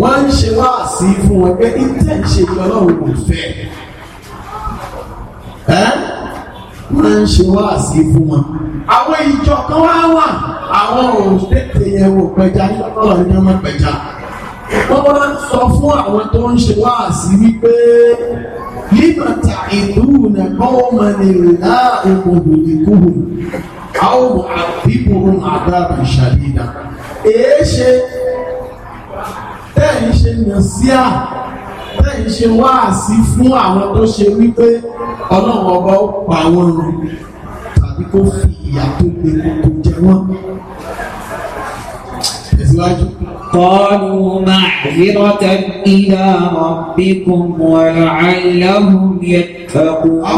wọ́n ń ṣe wá sí fún wọn pé ìtẹ́ ìṣe ọlọ́run kò fẹ́ ẹ́ wọ́n ń ṣe wá sí fún wọn. àwọn ìjọ kan wá wà àwọn òun tètè yẹn wò pẹja nígbà tó lọ ní ọmọ pẹja wọ́n wá ń sọ fún àwọn tó ń ṣe wá sí wípé límọ̀tà ìlú nẹ̀kọ́ ọmọ nìrìn náà ìkòhùn ìkòhùn àwọn àbíkùn àdáàbà ìṣàlídà èé ṣe tẹ́yìn ṣe nàṣíà tẹ́yìn ṣe wáàsí fún àwọn tó ṣe wípé ọlọ́run ọba ó pa wọn rùn tàbí kó fi ìyà tó gbé kókó jẹ wọn. قالوا معذرة إلى ربكم ولعلهم يتقون.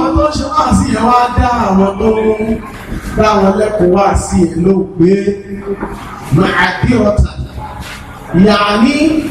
àwọn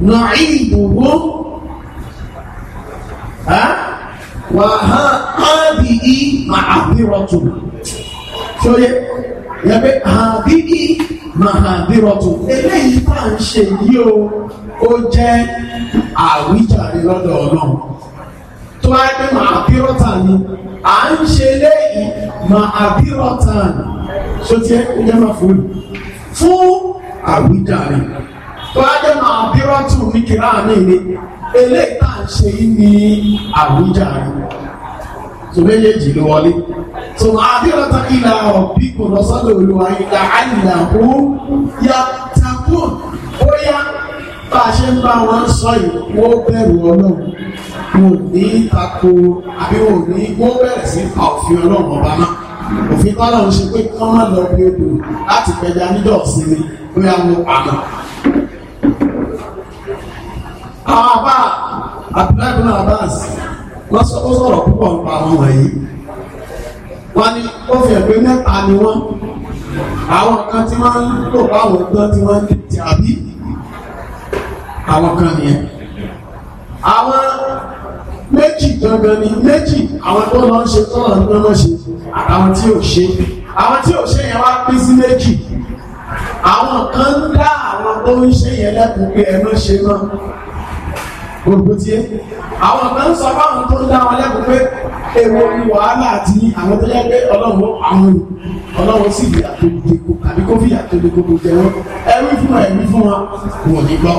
نعيدهم ها وهذه معذرة شو yẹ̀bẹ̀ àbíbí màhàdírọ̀tù eléyìí tá à ń ṣe yìí o ó jẹ́ àwíjàre lọ́dọ̀ ọlọ́run tó bá pẹ́ màhàdírọ̀tà ni à ń ṣe eléyìí màhàdírọ̀tà ni ṣó tiẹ̀ ó jẹ́ máa fún un fún àwíjàre tó a jẹ́ máa ní kìláàmì ni eléyìí tá à ń ṣe yìí ní àwùjáre tó méjèèjì ló wọlé tó máa bírọ́tù ìlà ọ̀bí kò lọ sọ́dọ̀ olúwa ìlà àìlà ó yá takò ó yá bá a ṣe ń bá wọn sọ yìí wọ́n bẹ̀rù ọlọ́run wọn ò ní takò àbí wọn ní wọ́n bẹ̀rẹ̀ sí pa òfin ọlọ́run ọba náà òfin tọ́lọ̀ ń ṣe pé kán má lọ bí odò láti pẹja nídọ̀ọ́sí ni bóyá wọn pa náà àbá Abdullahi bin Abbas lọ́sọ̀ ó sọ̀rọ̀ púpọ̀ nípa àwọn wọ̀nyí wọ́n ní ó fi ẹ̀gbẹ́ mẹ́ta ni wọ́n àwọn kan tí wọ́n ń lò báwọn gbọ́n tí wọ́n ń lè ti àbí àwọn kan nìyẹn àwọn méjì gangan ni méjì àwọn tó lọ ń ṣe tọ́lọ̀ ní wọ́n ṣe àtàwọn tí ò ṣe àwọn tí ò ṣe yẹn wá pín sí méjì àwọn kan ń dá àwọn tó ń ṣe yẹn lẹ́kùn pé ẹ má ṣe náà olùgbòtíyé àwọn kan sọ fáwọn tó ń dá wọn lẹ́kọ̀ọ́ pé èwo ni wàhálà àti àwọn tó yẹ pé ọlọ́run àwọn ọlọ́run sì fi àtòlùdè kò àbí kó fi àtòlùdè kò kò jẹ wọn ẹ̀rí fún wọn ẹ̀rí fún wọn wọn ò ní gbọ́.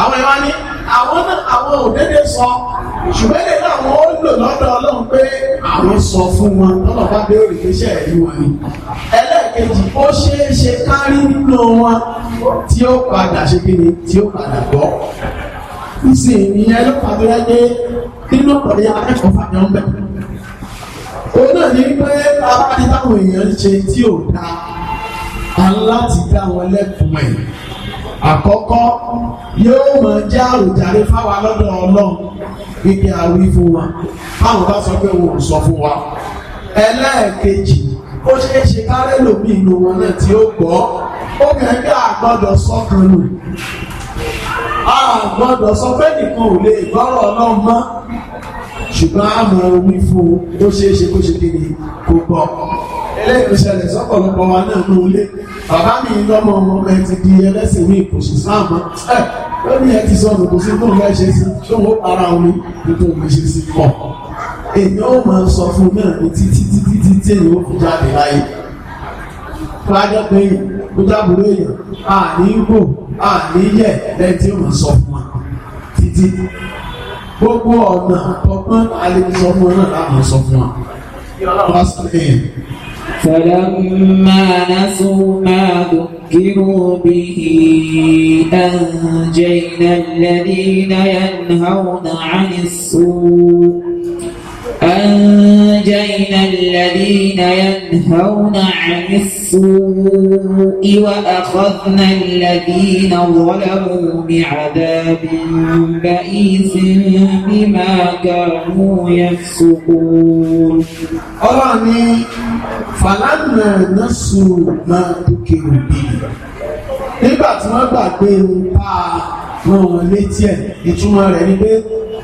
àwọn ìwà ni àwọn náà àwọn òdédé sọ ṣùgbọ́n èdè náà wọ́n ó lò lọ́dọ̀ ọlọ́run pé àwọn sọ fún wọn lọ́nà bá béèrè iṣẹ́ ẹ̀rí wọn ni. ẹlẹ́ẹ̀kejì ó ṣeé ṣe kárí nínú wọn tí ó padà ṣe kí ni tí ó padà gbọ́ ìsì ìyẹn ló pàdé ẹgbẹ́ nínú ọ̀pọ̀lẹ́ akẹ́kọ̀ọ́ fàjọ ń bẹ̀. òun náà ní pé abáyé táwọn èèyàn ń ṣe tí ò da a ń láti dá wọn lẹ́kùn ẹ̀. àkọ́kọ́ yóò mọ̀ já òjàre fáwa lọ́dọ̀ ọlọ́run gbígbé àwí fún wa báwo bá sọ pé òun sọ fún wa. ẹlẹ́ẹ̀kejì ó ṣeé ṣe kárẹ́ lòmí ìlú wọn náà tí ó gbọ́ ó kẹ́kẹ́ àgbọ́dọ̀ sọ́kan nù a gbọ́dọ̀ sọ pé nìkan ò lè gbọ́rọ̀ ọlọ́run mọ́ ṣùgbọ́n a mọ̀ omi fún un tó ṣeé ṣe kó ṣe kéde kó gbọ́ eléyìí ṣẹlẹ̀ sọ́pọ̀lọpọ̀ wa náà ló lé bàbá mi lọ́mọ ọmọ ọmọ ẹ ti di ẹlẹ́sìn ní ìkòsí sáàmù ẹ lónìí ẹ ti sọnù kò sí tóun fẹ́ ṣe sí tóun ó para omi nítorí mi ṣe sí pọ̀ èmi ó máa sọ fún náà ní títí títí títí èmi ó fi jáde láyé fúlájọ́ pé kó jábùrú èèyàn àní gbò àní yẹ lẹ́yìn tí sọ fún wa títí gbogbo ọ̀nà ọgbọ́n alẹ́sọ fún wa náà láwọn sọ fún wa. فلما نسوا ما ذكروا به أنجينا الذين ينهون عن السوء أن ونجينا الذين ينهون عن السوء وأخذنا الذين ظلموا بعذاب بئيس بما كانوا يفسقون أراني فلما نسوا ما ذكروا به nígbà tí wọ́n gbàgbé ohun pa wọn létí ẹ̀ ìtumọ̀ rẹ̀ ni pé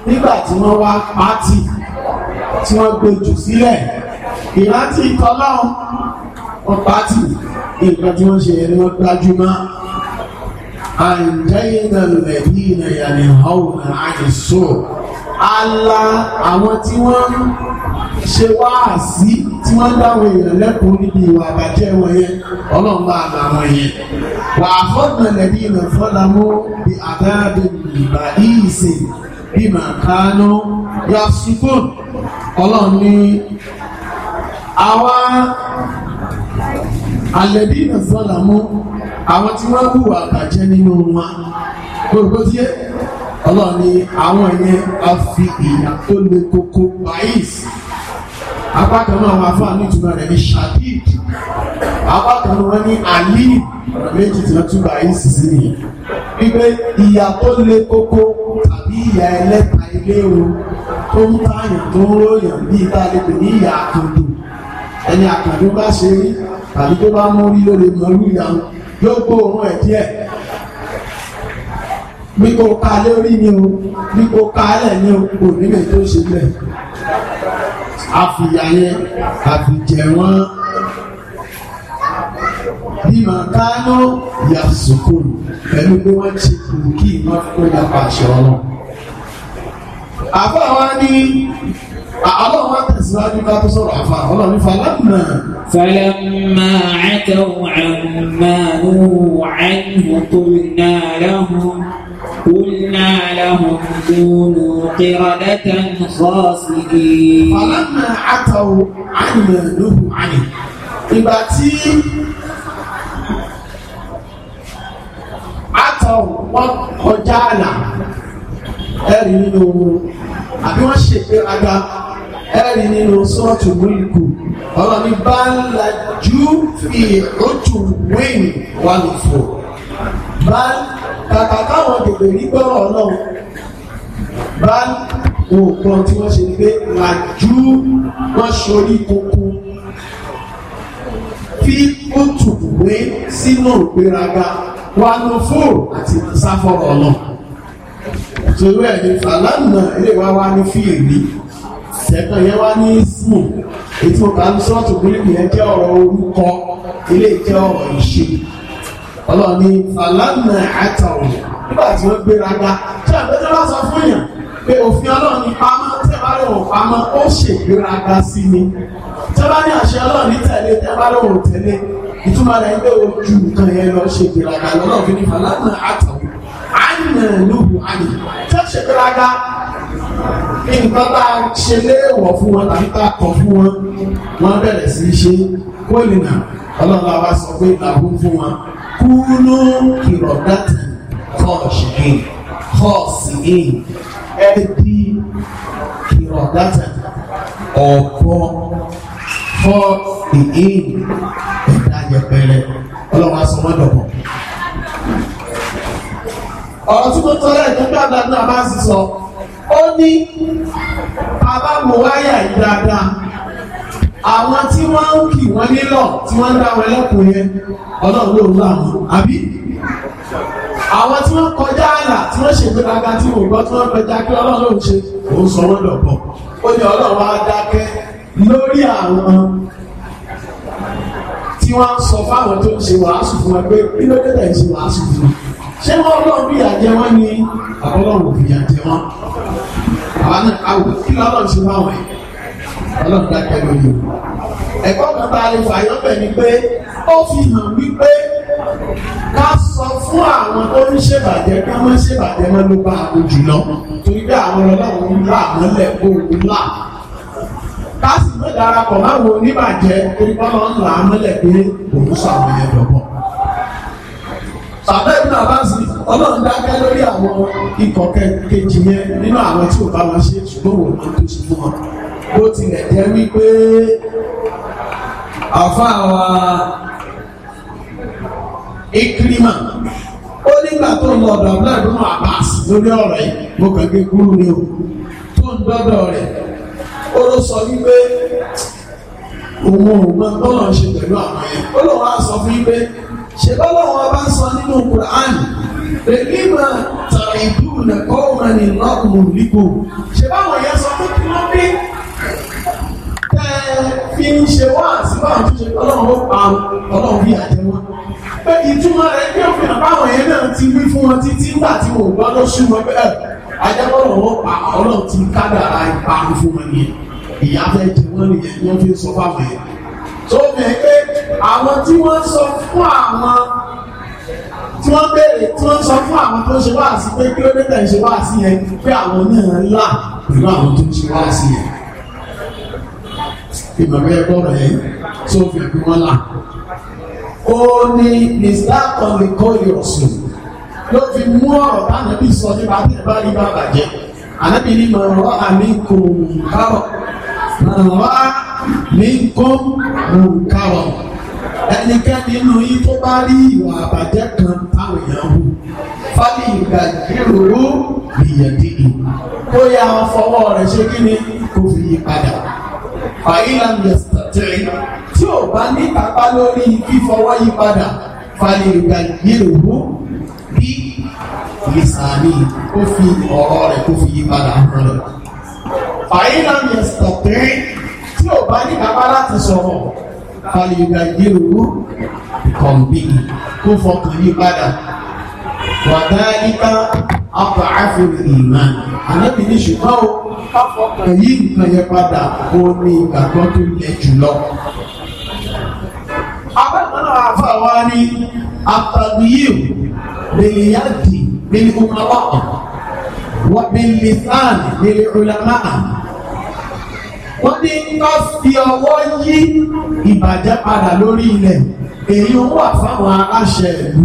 nígbà tí wọ́n wá pátì tí wọ́n gbèjù sílẹ̀ ìrántí ìtọ́lọ́run wọn pàtì nǹkan tí wọ́n ṣe yẹn ni wọ́n gbájú mọ́ àìjẹ́yìnà lẹ̀bí ìnàyàní ọ̀hún àìsò alá àwọn tí wọ́n ṣe wá sí tí wọ́n dáwọn èèyàn lẹ́kùn níbi ìwà àbàjẹ́ wọn yẹn ọlọ́run àgbà wọn yẹn wà fọ́nà lẹ̀bí ìnà fọ́nà mú bí àdáàbẹ̀ ìbàdí ìsìn bí màá kánú yasukun ọlọ́run ní àwa alẹ́bí ìfọ́làmú àwọn tí wọ́n hùwà bàjẹ́ nínú wọn gbogbo tí ọlọ́run ní àwọn yẹn a fi ìyà tó le koko báyìí apá kan náà wà fún àmì ìtura rẹ̀ ní shadid abákan wọn ní àlí méjì tí wọ́n túbà yìí sì sí nìyẹn wípé ìyà tó le kókó tàbí ìyà ẹlẹ́ta eléwo tó ń tààyàn tó ń ròyàn bí ìta lèpè ní ìyà àkàndò ẹni àkàndò bá ṣe rí tàbí tó bá mú rí ó lè mọ orí ìyá yóò gbóòórùn ẹ̀ díẹ̀ bí kò ka lórí ni o bí kò ka lẹ̀ ni o kò níbẹ̀ tó ṣe bẹ́ẹ̀ àfìyà yẹn àfìjẹ̀ wọ́n bímọ kánú yà sùkúrù pẹ̀lú pé wọ́n ti kù kí ìmọ̀ kó lápá aṣọ ọlọ́run. àbá wa ní ọlọ́run wá tẹ̀síwájú ká tó sọ̀rọ̀ àfa ọlọ́run ní falamma. falamma àtẹ̀wò àmàlù àìmọ̀ tó nà lọ́hùn. قلنا لهم كونوا قردة خاسئين. فلما عتوا عما ìgbà tí àtàwọn wọn kọjá àlà ẹ̀rí nínú àbí wọ́n ṣègbéraga ẹ̀rí nínú sọ́ọ̀tù múlùkù ọlọ́ni bá ń lajú fi òtù wíìnì wà lè fò bá kàkà káwọn bèbè rí gbọ́rọ̀ náà bá òògùn tí wọ́n ṣe ní pé lajú wọ́n ṣorí kókó fi òtù wé sínú ìgbéraga wàánu fún àti sáfọ̀rọ̀ ọ̀nà torí ẹ̀ ní fàlànà ilé wa wá ní fíìlì tẹ̀kọ̀ yẹn wá ní ismu ètò ìkàlù sọ́ọ̀tù gíríkì yẹn jẹ́ ọ̀rọ̀ orúkọ ilé jẹ́ ọ̀rọ̀ ìṣe ọlọ́ni fàlànà àtàwọn nígbà tí wọ́n gbéraga tí àgbẹ̀jọ́ bá sọ fún yàn pé òfin ọlọ́run pamọ́ tẹ́ bá lòun pamọ́ ó ṣègbéraga sí ni tẹ́ bá ní àṣẹ ọlọ́run tẹ̀lé tẹ́ bá lòun tẹ̀lé ìtumọ̀ rẹ̀ pé o ju nǹkan yẹn lọ ṣe ìgbéraga lọ́nà òfin nípa lánà àtàwọn àìnà lóhùn àyè tó ṣe ìgbéraga nǹkan tá a ṣe léèwọ̀ fún wọn tàbí tá a kọ̀ fún wọn wọ́n bẹ̀rẹ̀ sí í ṣe kólìnà ọlọ́run àwa sọ pé ìlàbó fún wọn kúló kìrọ̀dátì kọ́ọ̀ṣì ẹ̀yìn kọ́ọ̀sì ẹ̀yìn ẹ̀dí kìrọ̀dátì ọ̀pọ̀ kọ́ọ̀sì ẹ̀yìn yẹpẹrẹ ọlọ́run aṣọ wọn dọ̀bọ̀. ọ̀rọ̀ tí mo tọ́lá ìtọ́jú àdáńdá máa ń sọ ó ní bàbá mọ̀wáyà yìí dáadáa àwọn tí wọ́n ń kì wọ́n nílọ̀ tí wọ́n ń dá wọn lẹ́kùn yẹn ọlọ́run ló ń lọ àwọn àbí àwọn tí wọ́n kọjá àlà tí wọ́n ṣègbè gbàgbà tí wọ́n gbọ́ tí wọ́n kọjá kí ọlọ́run ló ń ṣe òun sọ wọ́n dọ̀bọ̀ ó ní ọlọ́run á dákẹ́ lórí àwọn tí wọ́n ń sọ fáwọn tó ń ṣe wàásù fún wa pé kí ló dé ń ṣe wàásù fún wa ṣé wọ́n lọ́ọ̀ bí ìyàjẹ́ wọn ni àbọ́lọ́run bí ìyàjẹ́ wọn àwọn náà àwọ̀ kí lọ́lọ́run ṣe máa wọ̀nyí ọlọ́run dákẹ́ lórí ẹ̀kọ́ kan tá a lè fàyọ́ bẹ̀ ni pé ó fi hàn wípé ká sọ fún àwọn tó ń ṣèbàjẹ́ ká má ṣèbàjẹ́ mọ́ ló bá a lójú lọ torí pé àwọn ọlọ́run ń là mọ́lẹ̀ kó o là káàsì náà darapọ̀ máwọn oníbàjẹ́ onípọ́nà ńlá mọ́lẹ̀ pé òun sàwọn yẹn lọ́bọ̀. Bàbá ìbùnà bá sì ọlọ́run dákẹ́ lórí àwọn ikọ̀ kejì yẹn nínú àwọn tí ò bá wọn ṣe ṣùgbọ́n wò ló tó ṣe fún wọn. Bó tilẹ̀ jẹ́ wípé àfa àwa Ikirima ó nígbà tó ń lọ ọ̀dọ̀ Abdullahi Abbas lórí ọ̀rọ̀ yìí mo kàn gé kúrú ni o tó ń dọ́dọ̀ rẹ̀ ó ló sọ wípé òun ò mọ bọ́lá ṣe pẹ̀lú àwọn yẹn ó lọ́wọ́ á sọ fún wípé ṣe bọ́lá wọn bá sọ nínú Kùránì èmi máa tàrà ìlú nìkọ́ wọn ni lọ́kùnrin òlíkò ṣe báwọn yẹn sọ pé kí wọ́n dé fi ń ṣe wá àtìbá àtúnṣe ọlọ́run ó pa ọlọ́run bí àjẹwọ́. pé ìtumọ̀ rẹ̀ pé òfin àbáwọn yẹn náà ti wí fún wọn títí nígbà tí wọn ò gbọ́ lóṣù wọn bẹ́ẹ̀ ajẹ́bọ̀lọ́run ó pa ọlọ́run ti kádàrá ìparun fún wọn nìyẹn ìyá fẹ́ jẹ wọ́n ni wọ́n fi sọ fáwọn yẹn. tó bẹ̀ pé àwọn tí wọ́n sọ fún àwọn tí wọ́n béèrè tí wọ́n sọ fún àwọn tó ń ṣe wáàsí pé kílómítà ń ṣe wáàsí yẹn pé àwọn náà là pẹ̀lú àwọn tó ń ṣe wáàsí yẹn. ìmọ̀rẹ́ ẹgbọ́rọ̀ yẹn tó fi ẹ̀kú wọn là. ó ní mr kọ́lékọ́lé ọ̀sùn ló fi mú ọ̀rọ̀ táwọn ẹbí sọ nípa tí ẹ bá rí bá bàjẹ́ ànábì ní mọ̀rọ̀ àmì kò bárọ̀ rà ní kó nǹkarọ̀ ẹnikẹ́ni nínú yín tó bá rí ìwà àbàjẹ́ kan táwọn èèyàn hù fálì ìgbà ìrorò ìyẹ̀dìgì ó yá fọwọ́ rẹ̀ ṣe kí ni kò fi yí padà fàyílà yẹ̀sítẹ̀tẹ̀ tí ò bá ní kápá lórí fífọwọ́ yí padà fálì ìgbà ìrorò bí ìsàlẹ̀ ó fi ọ̀rọ̀ rẹ̀ kó fi yí padà hàn rẹ̀ fàyínàmì ẹ̀sìtà tẹ́rí tí ò bá ní bàbá láti sọ̀rọ̀ fàlìyà ìdíòwú kọ̀m̀bì kó fọkàn yí padà wàdáyíká apá áfírí ìmá ànábì ní ṣùgbọ́n o káfọkàn yí nǹkan yẹn padà ó ní ìgbàgbọ́ tó yẹ jùlọ. abẹ́kan náà àfa wa ní àtàgbìyìí bẹ̀rẹ̀ yá wà bẹ̀rẹ̀ sàn wọ́n ní ká fi ọwọ́ yí ìbàjẹ́ padà lórí ilẹ̀ èyí ń wà fáwọn aláṣẹ ìlú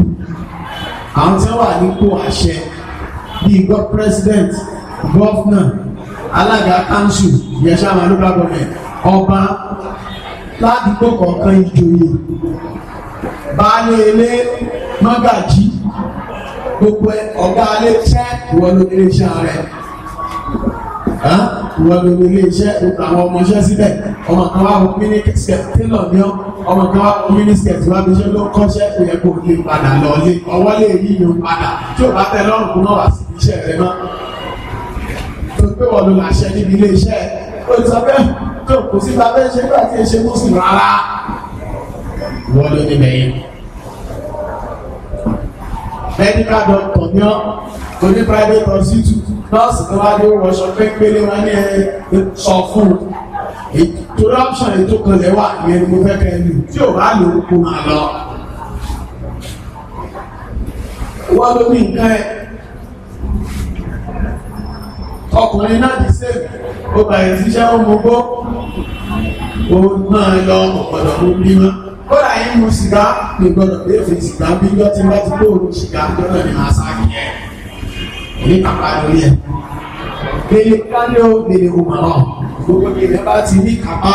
àwọn tí wọ́n wà nípò àṣẹ bíi gọ president gọ́fúnà alága kanṣu yẹsẹ àwọn local government ọba ládùúgbò kọ̀ọ̀kan ìjòyè baálé ilé mọ́gàjí gbogbo ọ̀gá alẹ́ iṣẹ́ ìwọ́n ló ní iṣẹ́ rẹ̀ ọ̀gá ìwọ́lu ní ilé iṣẹ́ àwọn ọmọọṣẹ́ síbẹ̀ ọmọ kan wá wọn mínísítẹ̀ tẹ́lọ̀ ní ọ ọmọ kan wá wọn mínísítẹ̀ tí wọ́n fi ṣe ló kọ́ṣẹ́ ìyẹn kò lè padà lọ lé ọwọ́ lè yí ìyẹn padà tí ò bá tẹ lọ́rùn kún náà wá sí iṣẹ́ rẹ mọ́. tó pé wọ́n ló làṣẹ níbi ilé iṣẹ́ ó tó kò sí bá bẹ́ẹ̀ ṣe nígbà tí ẹ ṣe mú sí rárá wọ́n ló ní lẹ́yìn medical doctor ní ọ́ oní private hospital nọ́ọ̀sì tó wá dé wọṣọ pẹ́ńpẹ́lẹ́ wọn ní ẹ sọ fún ìtòrí option ètò kan lẹ́wà ìyẹn ni mo fẹ́ kẹ́ ẹ lò tí ò bá lò ó kó máa lọ. wọ́n ló ní nǹkan ẹ̀ ọkùnrin náà ti sèé ó bàyẹ̀ síṣẹ́ ó mú gbó òun náà lọ ọ̀pọ̀lọpọ̀ bímọ kódà yín mu sìgá mi gbọ́dọ̀ pé fi sìgá bí yọ ti bá ti gbóòórùn sìgá gbọ́dọ̀ ní máa sáà yẹn ní bàbá lórí ẹ̀ lèlè kálíọ̀ lèlè òmàrà gbogbo ìlẹ̀ bá ti ní kàpá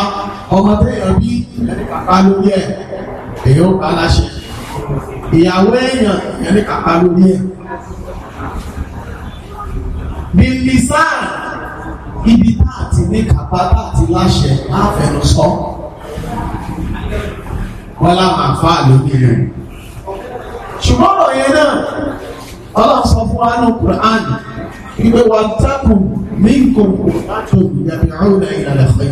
ọmọ téèyàn bí ẹni kàpá lórí ẹ̀ èyàn bá láṣẹ ìyàwó èèyàn ẹni kàpá lórí ẹ̀ bìlìsáà ibi táà ti ní kàpá táà ti láṣẹ láàfẹnusọ wọ́n láwọn àfáà lórí rẹ̀ ṣùgbọ́n ọ̀rọ̀ yẹn náà ọlọ́run sọ fún wa nù Qur'an ìgbé wa tákù minkum láti ìyàbí àrùn ìlànà fẹ́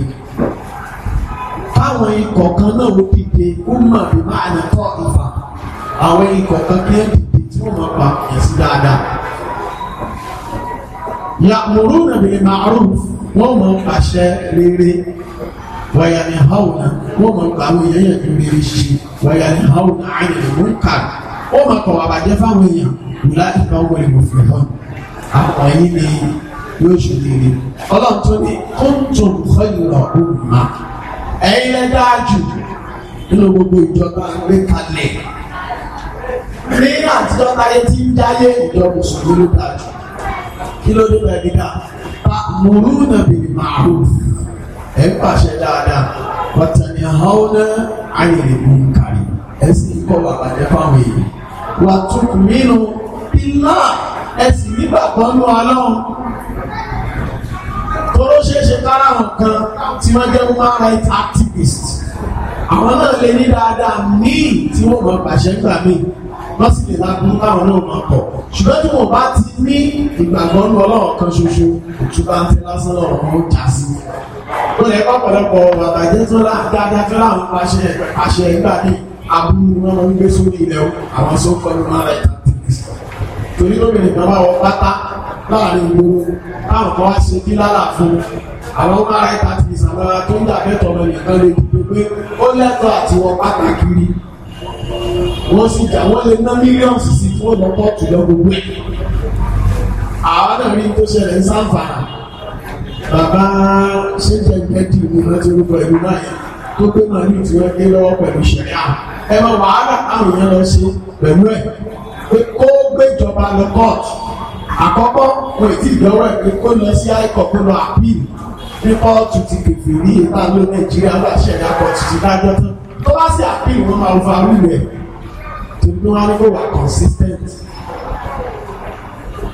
káwọn ikọ̀ kan náà ló dìde ó mọ̀ bí máa ní tọ́ ìfà àwọn ikọ̀ kan kí ẹ dìde tí wọ́n máa pa ẹ̀ sí dáadáa yàmùrú nàbẹ̀rẹ̀ màrún wọ́n máa pàṣẹ rere wàyàní haúnà wọ́n máa gba àwọn èèyàn yẹn tó rere ṣe wàyàní haúnà àyẹ̀lẹ̀ múnkà wọ́n máa kọ̀ àbàjẹ́ fáwọn èèyàn wùlá ìgbà wọ ìmọ̀fẹ́ hàn àwọn yìí ni yóò ṣe rere ọlọ́run tó ní kóńtùn khayra umma ẹ̀yin lẹ́ dáa jù nínú gbogbo ìjọba gbé kalẹ̀ ní àtijọ́ táyé tí ń dáyé ìjọ mùsùlùmí ló dáa jù kí ló dé bẹ́ẹ̀ nígbà mùrúnà bil ma'ruf ẹ ń pàṣẹ dáadáa pàtàkì àwọn náà ayẹyẹ mú kárí ẹ sì ń kọ́ bàbá jẹ́ fáwọn èèyàn wà túkù nínú bílá ẹ sì nígbàgbọ́ ní ọlọ́run tó ló ṣeé ṣe kára àwọn kan tí wọ́n jẹ́ human rights activists àwọn náà lè ní dáadáa míì tí wọ́n mọ̀ pàṣẹ gbà míì lọ́sílẹ̀ lágbóró káwọn náà máa pọ̀ ṣùgbọ́n tí wọ́n bá ti ní ìgbàgbọ́ ń lọ lọ́wọ́ kan ṣoṣo òtúbá ń tẹ́ lásán lọ́wọ́ kan ó já sí ó lẹ́ ọ̀pọ̀lọpọ̀ bàtàjẹ́ tó dáadáa fẹ́ láwọn pàṣẹ àṣẹ ìgbà ní abúlé wọn ń gbé sórí ilẹ̀ àwọn sókọlù máa rẹ̀ torí lóbìnrin kan bá wọ pátá láàrin ìgboro táwọn kan wá ṣe bí lára fún àwọn máa rẹ̀ tàbí ìsàlọ́ra tó ń dàbẹ́tọ̀ lọ nìkan lè dìbò pé ó lẹ́tọ̀ọ́ àti wọ pátá kiri wọ́n sì jà lè ná mílíọ̀nù sí tí wọ́n lọ pọ̀ tù gbogbo ẹ̀. àwọn náà rí tó ṣẹlẹ̀ ń sáfàrà bàbá ṣẹ́jẹ̀ gbẹ́dì ní láti orúkọ ẹ̀rú náà tó gbé màálù tí wọ́n gbé lọ́wọ́ pẹ̀lú ṣẹ̀yà ẹ máa wàhálà àwọn èèyàn lọ sí pẹ̀lú ẹ̀ pé kó gbéjọba lọ kóòtù àkọ́kọ́ kò tí ìdánwò ẹ̀ pé kó lọ sí àìkọ́ kó lọ àpíìlì ní kóòtù ti kèfèrí ìta ló Nàìjíríà wà ṣẹ̀yà kóòtù dájọ́ tó bá sí àpíìlì wọn máa fa rúlẹ̀ tí bí wọ́n á wà consistent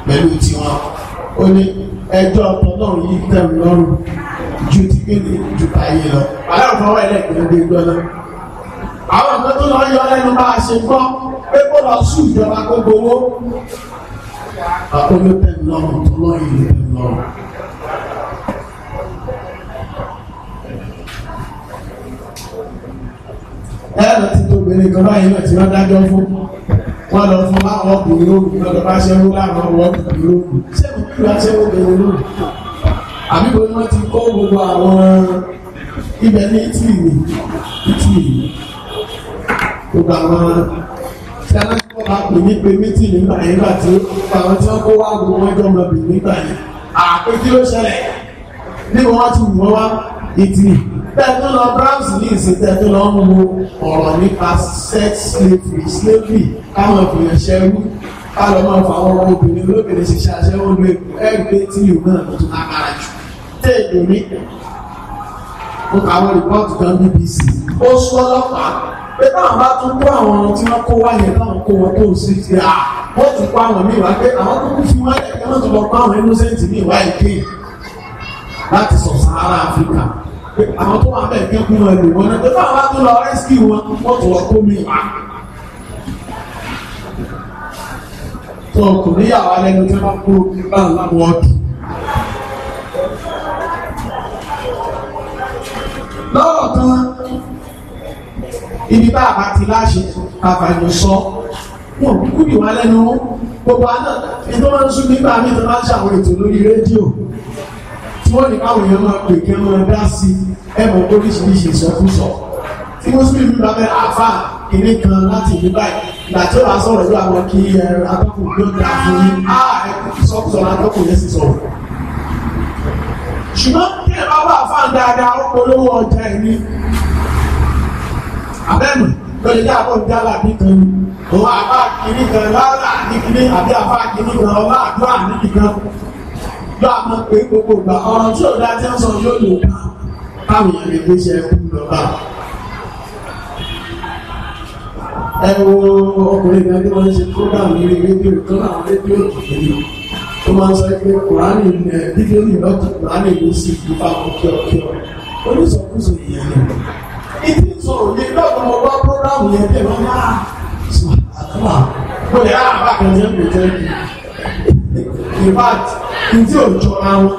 pẹ̀lú tiwọn ó ní ẹjọ́ ọ̀tọ̀ náà yìí tẹ̀lé lọ́rùn ju ti kéde ju ayé lọ aláwọ̀ fọwọ́ ẹlẹ́gbẹ̀ẹ́ gbé gbọ́ná àwọn nǹkan tó lọ yọ lẹ́nu bá a ṣe gbọ́ pé kó lọ sùn ìjọba kó gbowó àkóyó tẹ̀lé lọ́rùn tó lọ́yìn ló tẹ̀lé lọ́rùn. ẹ̀rọ ti obìnrin kan báyìí náà tí wọ́n dájọ́ fún wọ́n lọ fún láwọn ọkùnrin olùkú náà lọ́ba ṣẹ́wó láwọn ọwọ́ ọkùnrin olùkú ṣẹ́wó kí wọ́n ṣẹ́wó bẹ̀rẹ̀ olùkú àbí bóyá wọ́n ti kọ́ gbogbo àwọn ibẹ̀ ní ìtìlì ìtìlì gbogbo àwọn tí a máa ń kọ́ bá pè ní pé mítìlì nígbà yẹn nígbà tí àwọn tí wọ́n kó wá gbogbo wọn jọ ọmọbìnrin nígbà yẹn àpè kí ló ṣẹlẹ̀ níbo wọ́n ti wù wọ́n wá ìtìlì tẹ́tún lọ browse ní ìsìn tẹ́tún lọ ń wo ọ̀rọ̀ nípa sex slavery slavery káwọn ènìyàn ṣẹ́rú káwọn máa fa àwọn obìnrin olóbìnrin ṣiṣẹ́ aṣẹ́wó lu ẹgbẹ́ tí yóò náà tó lágbára jù téèdè ní mo ka àwọn rìpọ́ọ̀tì kan BBC ó sọ ọlọ́pàá pé táwọn bá tún kó àwọn tí wọ́n kó wá yẹn táwọn kó wọn tó sí ti à wọ́n ti kó àwọn míì wá pé àwọn kúkú fi wáyé kí wọ́n ti lọ kó àwọn innocent míì wá ìkéyìí láti sọ Sahara Africa àwọn tó wà bẹ́ẹ̀ kẹ́kọ̀ọ́ wọn lò wọn náà tó fáwọn bá tún lọ rẹ́síkì wọn wọ́n tó lọ kó mi tó kò níyàwó alẹ́nu tí wọ́n kó mi bá láwọn ọdún. lọ́rọ̀ kan ibi bá àbá ti láṣẹ àbàyàn sọ wọn kúkú bì wá lẹ́nu gbogbo àná ìtọ́ máa ń sún nígbà míì tó máa ń ṣàwọn ètò lórí rédíò tí wọ́n ní káwọn èèyàn máa pè kí wọ́n dá sí ẹ̀mọ̀ oríṣiríṣi ìsọkúsọ tí mùsùlùmí bá fẹ́ àfà kìíní kan láti ìlú báyìí ìgbàjọ́ wa sọ̀rọ̀ ló àwọn kí atọ́kùn ló dá fún yín á ẹ̀kú sọ́kúsọ atọ́kùn yẹn sì sọ̀rọ̀ ṣùgbọ́n kí ẹ bá wà fáà dáadáa ó polówó ọjà ẹ̀ ní abẹ́nu lórí ilé àbọ̀ ìdí alábí kan òun àbá kìíní kan lára àbí kìíní àbí àbá kìíní kan ọlá àdúrà níbi kan láàmú pé gbogbo ìgbà ọ̀rọ̀ tí ò tí ń sọ yóò lò ká káwọn èèyàn lè gbéṣẹ́ ẹkú lọ́ba. ẹ wo ọkùnrin kan tí wọ́n ṣe program lórí rédíò tó láwọn rédíò òkèèrè tó máa ń sọ pé kùránì ẹ bíbélì lọ́tọ̀ kùránì ló sì fi fa ọkẹ́ ọkẹ́ oníṣọ́kùsọ ìyẹn ni. ìdí sọ̀rọ̀ yẹn lọ́dọ̀ mo wá program yẹn tẹ̀ wọ́n ah, máa ní tí ò jọra wọn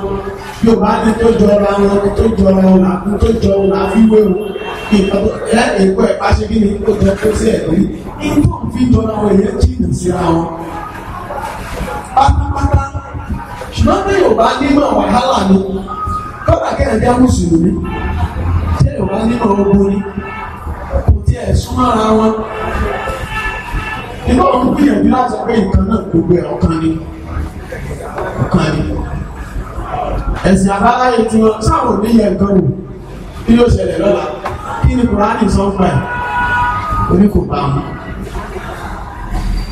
yorùbá ní tó jọra wọn ní tó jọra wọn là ní tó jọ wọn là fi wé wọn ìpàdé ẹ èkó ẹ pàṣẹ kí ni ó jẹ kó sí ẹ̀rí ní tó fi jọra wọn èyẹ jìnnà síra wọn pátápátá ṣùgbọ́n bí yorùbá nímọ̀ wàhálà ni kọ́dà kẹ́hìn já mùsùlùmí ṣé yorùbá nímọ̀ ogun ni kò tiẹ̀ súnmọ́ra wọn nígbà wọn gbìyànjú láti pé nǹkan náà gbogbo ẹ̀ ọ̀kan ni mọ̀ ẹ̀sìn àbáláyé tí wọ́n sáwọn oníyẹ nǹkan wò kí ló ṣẹlẹ̀ lọ́la kí ni kùránì sọ fún ẹ̀ oní kò bá wọn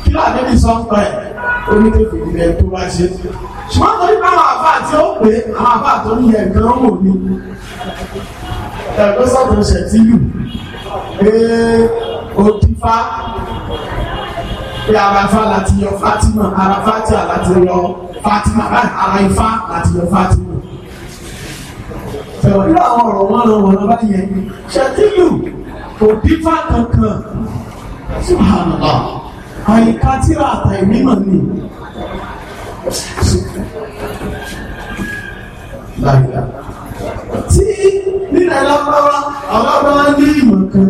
kí ló àdébí sọ fún ẹ̀ oní tó fi ilẹ̀ tó bá ṣe ṣùgbọ́n torí báwọn àbá tí ó pè é àwọn àbá tó ń yẹ nǹkan wò ni ẹ̀rọ sọ̀tún ṣẹ̀tìlù pé ó dífá pé àràfà láti yọ Fátímà àràfà tí àlàtí lọ. Fatima ara ifá láti yọ Fatima fẹ̀wọ̀n nínú àwọn ọ̀rọ̀ wọn ràn wọ́n lọ́ba yẹn ṣètìlù kò dífá kankan subhanallah àyíká tíra àtàyè mímọ̀ ni láyà tí nílẹ̀ lábáwá alábáwá ní ìmọ̀ kan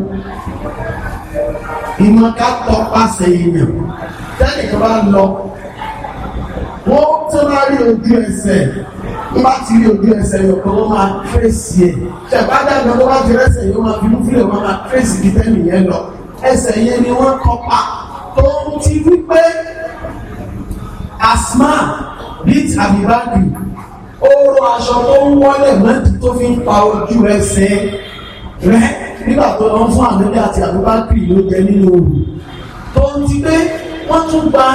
ìmọ̀ ká tọpasẹ̀ èèyàn tẹ́lẹ̀ kan bá lọ wọ́n tó bá rí ojú ẹsẹ̀ wọ́n bá ti rí ojú ẹsẹ̀ yọ̀ pé wọ́n máa fèsì ẹ̀ ṣẹ̀bá dàgbà tó bá ti rẹ́sẹ̀ yóò máa fi múfìlẹ̀ wọ́n máa fèsì bí tẹ́lì yẹn lọ ẹsẹ̀ yẹn ni wọ́n kọpa tó ń ti wípé asma bit abibaki oró aṣọ tó ń wọlé mẹ́tì tó fi ń pa ojú ẹsẹ̀ rẹ̀ nígbà tó lọ fún àmì àti àbúbákì ló jẹ nínú òru tó ń ti pé wọ́n tún gba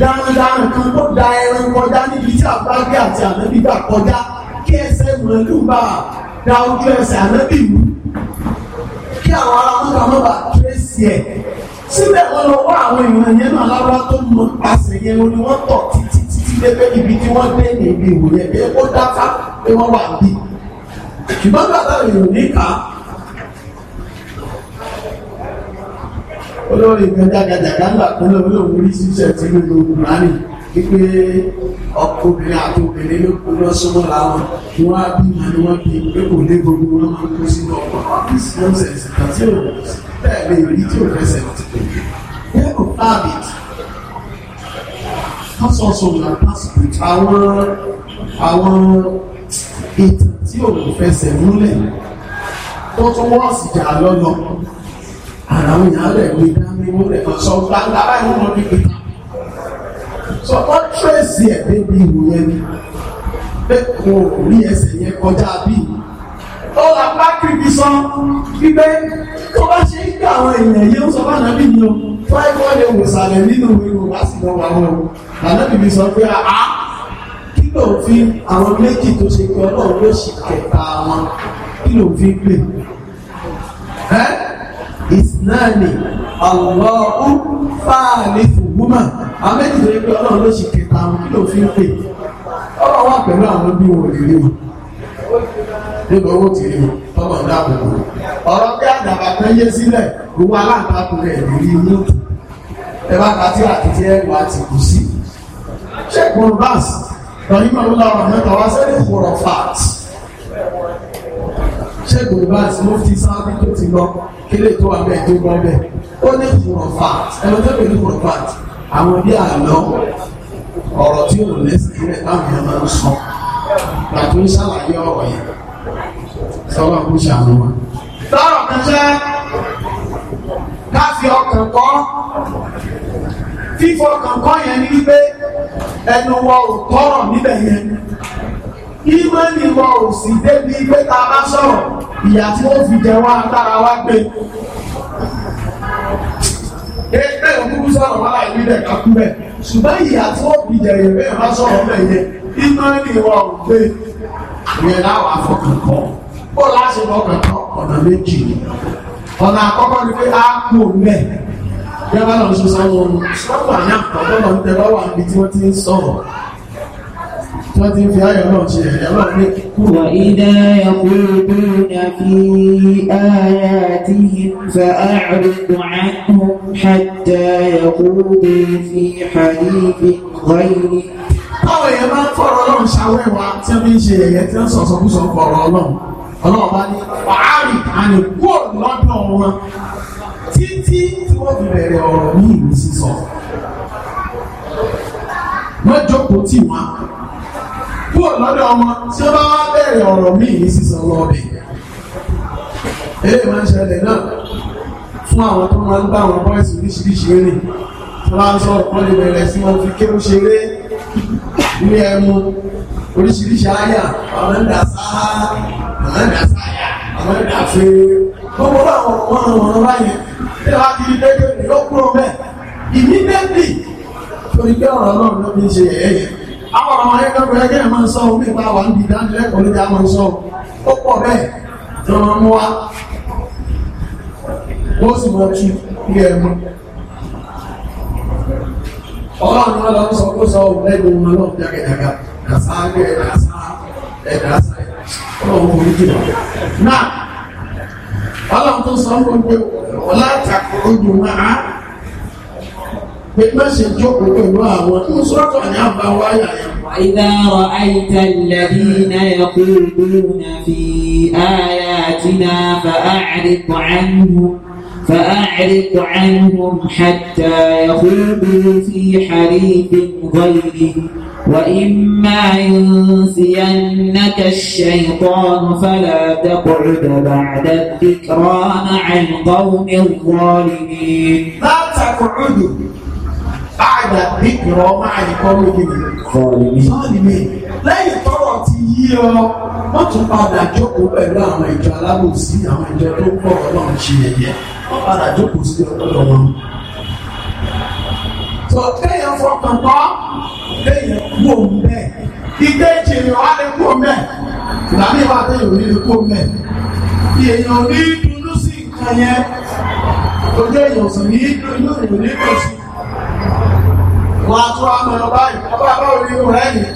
darandaran kan tó da ẹran kọjá níbi tí àbúrágbé àti ànábì gbà kọjá kí ẹsẹ̀ mọ̀lú bá da ojú ẹsẹ̀ ànábì wù kí àwọn ará mọ́ta mọ́ bá tírèsì ẹ̀ síbẹ̀ wọ́n lọ wá àwọn ìran yẹn náà lára tó mọ àṣẹ yẹn wọn ni wọ́n tọ̀ títí títí débẹ̀ ibi tí wọ́n dé ní ibi ìwòyẹ̀ pé ó dáta pé wọ́n wà níbí ṣùgbọ́n gbàgbọ́ ìròyìn kà á. olórí kan jágajàgá ńlá kan náà olóòwò rí ṣiṣẹ́ tí nínú kùránì wípé ọkùnrin àti obìnrin ló kó lọ sọ́mọ́ láwọn ni wọ́n á bí ìmọ̀ ni wọ́n bí pé kò lé gbogbo wọn máa ń kó sínú ọkọ̀ ọ́fíìsì nọ́ọ̀sẹ̀sì kan tí ò bẹ́ẹ̀ lè rí tí ò fẹsẹ̀ ti pè é kò fáàbìtì that's also my àwọn àwọn ìtàn tí ò fẹsẹ̀ múlẹ̀ tó tún wọ́ọ̀sì jà lọ́nà ara ń yàn lẹ̀ gbé dání mú rẹ̀ kan sọ gbangba báyìí wọn ní gbèta sọ ọ́ tírèsì ẹ̀ débi ìwò yẹn ni pé wọn ò rí ẹsẹ̀ yẹn kọjá bíi ó la bá kìrìkì sán wípé tó bá ṣe ń gbé àwọn èèyàn yẹn ń sọ fún ànábì ni o fáìfọ́ lè wò sàlẹ̀ nínú ìwò wá sí lọ́wọ́ àwọn ànábì mi sọ pé àá kí ló fi àwọn méjì tó ṣe pé ọlọ́run ló ṣì kẹta wọn kí ló fi pè ẹ́ ìsìnáàlì àwòrán fáàlì fùgbúmà àmẹ́jì tó yẹ pé ọlọ́run ló ṣe kẹta àwọn kí ló fi ń pè ọlọ́run wà pẹ̀lú àwọn bí wọn ò lè rí nígbà owó ti rí tọ́mọ̀ ń dáàbò bò ọ̀rọ̀ pé àdàbà kan yé sílẹ̀ gbogbo aláǹtakùn rẹ̀ lè rí inú ẹ bá ka tí àtijọ́ ẹ̀wà ti kù sí ṣé kùn báàsì lọ́yìn mọ́lá ọ̀rọ̀ mẹ́ta wá sẹ́ni ṣẹ́gun báàsì mufti sáábì tó ti lọ kílè tó wà bẹ́ẹ̀ tó gbọ́ bẹ́ẹ̀ ó ní fùrọ̀fà ẹ̀rọ tó pè ní fùrọ̀fà àwọn bí àlọ́ ọ̀rọ̀ tí ò lẹ́sìn rẹ̀ láwọn yẹn máa ń sọ pàtó ń ṣàlàyé ọ̀rọ̀ yẹn sọ́wọ́ kó ṣàánú wa. lọ́rọ̀ kan jẹ́ ká fi ọkàn kọ́ fífọkàn kọ́ yẹn ní wípé ẹnu wa ò níbẹ̀ yẹn ìmọ̀nì wọ òsì débi pé tá a bá sọ̀rọ̀ ìyà tí wọ́n fi jẹ wá lára wá gbé. Ẹgbẹ́ òkúkú sọ̀rọ̀ wá láì nílẹ̀ kakú bẹ̀. Ṣùgbọ́n ìyà tí wọ́n fi jẹ ìyẹ̀bẹ̀ bá sọ̀rọ̀ bẹ̀ yẹ ìmọ̀nì wọ ògbé. Ìyẹn láwọn afọkànkọ́. Ó láti fọkàn kan ọ̀nà méjì. Ọ̀nà àkọ́kọ́ ni pé a kú mẹ́. Yẹ́n bá lọ sọ sáwọn ọmọ sọ́kàn náà ọ̀dọ́ تاتي في آية الله وإذا يقولون في آياتهم فأعرض عنهم حتى يقولوا في حديث غيره Àwọn èèyàn máa ń fọ̀rọ̀ ọlọ́run ṣàwẹ́wà tí wọ́n fi ń ṣe ẹ̀yẹ tí wọ́n sọ̀sọ̀ kú sọ fọ̀rọ̀ ọlọ́run. Ọlọ́run bá ní wàhálì kúrò lọ́dọ̀ wọn tí ó bá wá bẹ̀rẹ̀ ọ̀rọ̀ míì ní sísan lọ́ọ̀bì èyí máa ń ṣẹlẹ̀ náà fún àwọn tó máa ń bá àwọn bọ́ìsì oríṣiríṣi rìn tó bá ń sọ wọ́n lè bẹ̀rẹ̀ sí wọn fi kéwú ṣeré ilé ẹmu oríṣiríṣi àyà àwọn ń dà sáá àwọn ń dà sáyà àwọn ń dà fèrè gbogbo àwọn ọ̀rọ̀ wọn ọ̀rọ̀ báyẹn tí wọ́n á ti rí lẹ́gbẹ̀ẹ́ yóò kúrò bẹ́ẹ̀ immediately torí pé ọ̀rọ̀ náà ló fi ń ṣe ẹ̀yẹ àwọn ọmọ ẹgbẹ́ ẹgbẹ́ máa ń sọ omi ìpa wà ń bí ìdánilẹ́kọ̀ọ́ lórí a máa ń sọ ó pọ̀ bẹ́ẹ̀ tí wọ́n mú wá ó sì mọ̀ tí ní ẹ̀mú ọlọ́run náà lọ sọ kó sọ lẹ́gbẹ̀ẹ́ wọn lọ jágẹ̀jágà dàsá ẹ̀dàsá ẹ̀dàsá ọlọ́run orí jìnà náà ọlọ́run tó sọ ń gbogbo ọlá takùrọ̀ máa وإذا رأيت الذين يقولون في آياتنا فأعرض عنهم فأعرض عنهم حتى يخوضوا في حديث غيره وإما ينسينك الشيطان فلا تقعد بعد الذكرى مع القوم الظالمين لا تقعدوا báàdà ìgbìrọ̀ máa yìí kọ́ lókè ní sọ́ọ̀lìmí lẹ́yìn tọ́rọ̀ ti yí ọ wọ́n tún padà jókòó pẹ̀lú àwọn ìjọ alábòsí àwọn ìjọ tó ń bọ̀ ọlọ́run ṣe yẹ̀yẹ́ wọ́n padà jókòó sí ọ̀dọ̀ wọn. sọ kéèyàn fọkàn tán kéèyàn kú òun bẹ́ẹ̀ ìgbé ìjìnlẹ̀ wà lè kú òun bẹ́ẹ̀ ìlànà ìwà àtẹ̀yìn òní lè kú òun bẹ́ẹ̀ èèyàn ní dunú sí nǹkan yẹn ojú èèyàn sì ní dunú èèyàn ní kò sí wọ́n á tún wá mọ̀ ọ́ báyìí ọba báwo ni mo rẹ́ yìí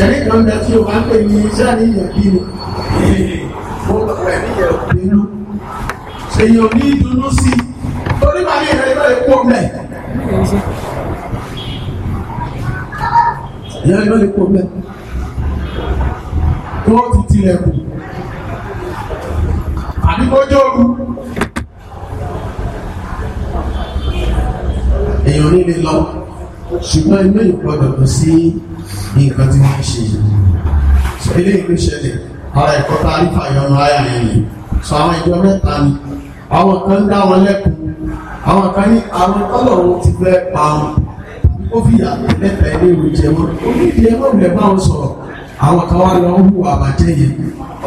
ẹ̀rí kan bẹ tí o máa ń pè ní iṣẹ́ ní ìyẹ̀bí ni mo lọ rẹ̀ ní ìyẹ̀bí inú èèyàn ní ìdùnnú sí torí màá ní ìrẹ́ ìrẹ́ ìpò mẹ́ ìrẹ́ ìrẹ́ ìpò mẹ́ tó ti tilẹ̀kùn àdìgbòjò ooru èèyàn ní ilé lọ́wọ́ ṣùgbọ́n ilé ìgbọ́dọ̀ lọ sí nǹkan tí wọ́n ń ṣe yìí ilé ìlú ṣẹlẹ̀ ara ẹ̀kọ́ tá a rí fàyọnu ayà yẹn ni sọ àwọn ìjọ mẹ́ta ni àwọn kan ń dá wọn lẹ́kùn àwọn kan ní àwọn tọ́lọ̀wọ́ ti fẹ́ pa wọn ó fi yà mẹ́ta ilé ìwé jẹ wọn ó ní ìdí ẹgbẹ́ òwúrẹ̀ bá wọn sọ̀rọ̀ àwọn kan wá lọ hùwà àbàjẹ́ yẹn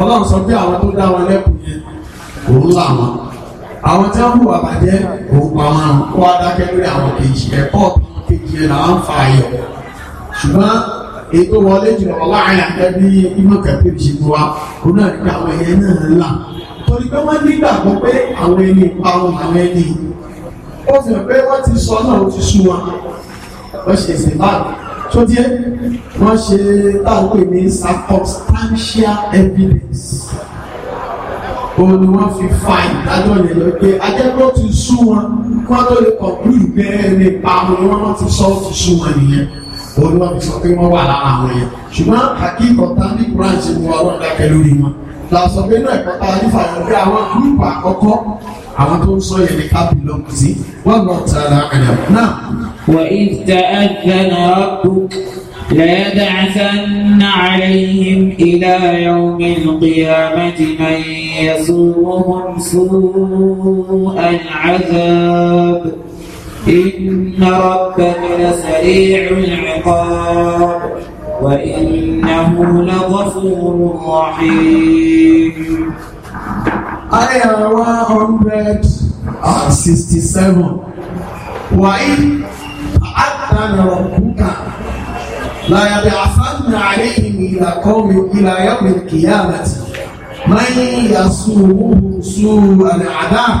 ọlọ́run sọ pé àwọn tó dá wọn lẹ́kùn yẹn òun làwọn àwọn tí wọ́n hùwà àbàjẹ́ òun pa wọn kó adákẹ́ lórí àwọn kejì ẹ̀kọ́ ọ̀tún kejì là ń fa ayọ̀ ṣùgbọ́n ètò wọlé jùlọ ọláàyà ẹbí ìmọ̀ kẹfìrì ṣe fún wa òun náà nípa àwọn ẹ̀yẹ náà ńlá torí pé wọ́n nígbàgbọ́ pé àwọn ẹni ìparun àwọn ẹni ó fi hàn pé wọ́n ti sọ náà ó ti sú wọn wọ́n ṣe ṣe báàgì tó díẹ̀ wọ́n ṣe táwọn pè ní circumstantial evidence òun ni wọ́n fi fa ìdájọ́ yẹn lọ pé ajẹ́pọ̀ ti sú wọn wọ́n tó lè kọ̀ọ̀kúrú ìgbẹ́rẹ́ ní ìpamọ́ ni wọ́n ti sọ ti sú wọn nìyẹn òun ni wọ́n fi sọ pé wọ́n wà lára àwọn yẹn ṣùgbọ́n àkí ìkọ̀tà ní branch ni wọ́n wọ́n dákẹ́ lórí wọn làásọ pé náà ìkọ̀tà nífà yẹn pé àwọn gúrùpù àkọ́kọ́ àwọn tó ń sọ yẹn ní kábì lọ sí wọ́n lọ tẹ̀lé àkàdà náà. ليبعثن عليهم إلى يوم القيامة من يسومهم سوء العذاب إن ربك لسريع العقاب وإنه لغفور رحيم Ayah آية آه، 167 وإن أذن ربك لا يبعثن عليهم إلى قوم إلى يوم القيامة من يسوءهم سوء العذاب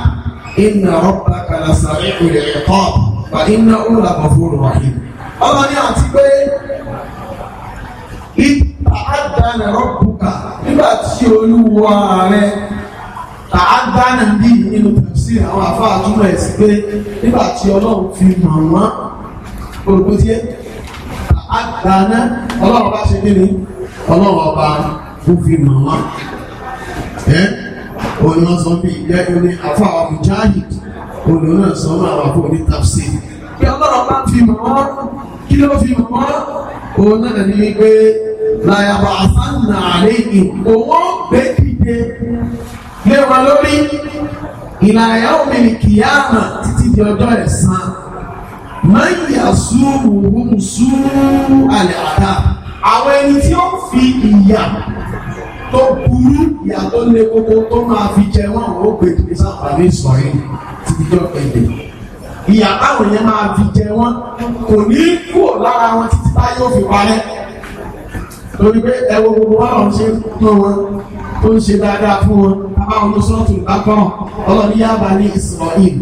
إن ربك لسريع العقاب فإنه لغفور رحيم ọlọ́run ní àti pé ìtàádánà rọ́bùkà nígbà tí olúwa rẹ tàádánà bí nínú tẹ̀sí àwọn àfáà túmọ̀ ẹ̀ sí pé nígbà tí ọlọ́run fi mọ̀ wọ́n olùkọ́ àgbàná ọlọ́run bá ṣe kíni ọlọ́run ọba tó fi mọ̀ wọ́n ẹ́ òun náà sọ bí ìyá ẹni afọ àwọn mujahid òun náà sọ wọn àwọn afọ oní tafsir kí ọlọ́run bá fi mọ̀ wọ́n kí ló fi mọ̀ wọ́n òun náà ní pé láyàbọ̀ àsánà àlẹ́yìn owó gbẹ́dìde lé lórí ìlànà ìyá òmìnir kìyàmà títí di ọjọ́ ẹ̀san máa ń yà sún òun sún àlẹ́ àdá àwọn ẹni tí ó fi ìyà tó burú ìyà tó le koko tó máa fi jẹ wọn ò gbé ìdílé e sáfàlì ìsọ̀rí títí jọ ẹ̀dẹ̀ ìyà táwọn yẹn máa fi jẹ wọn kò ní kúrò lára wọn títí táyé ó fi parẹ́ torí pé ẹwọ gbogbo wọn lọ́n ṣe tó wọn tó ń ṣe dáadáa fún wọn bàbá wọn ló sọ́ọ̀tù bákan ọlọ́ni yábà ní Israel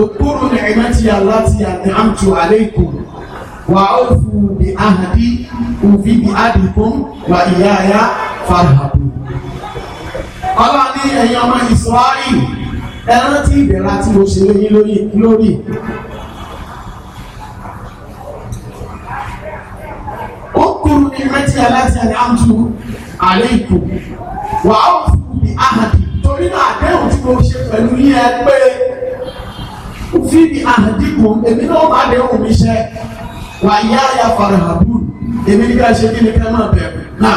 òkúr ni'imati ya an'amtu alaykum wa awfu bi ahdi ufi bi ahdikum wa iyaya farhabun ọlọ́run ní ẹ̀yin ọmọ Ísírẹ́lì ẹ rántí ìbẹ̀rẹ̀ tí mo ṣe lóyìn lórí ó kúrú ní mẹ́tí aláti àdáńtú alaykum wa awfu bi ahdi torí náà àdéhùn tí mo ṣe pẹ̀lú yín pé fi bi ahadikun èmi náà máa dé ohun mi ṣe wà yá ya farahabu èmi ní ká ṣe kí ni ká máa bẹ̀rù náà.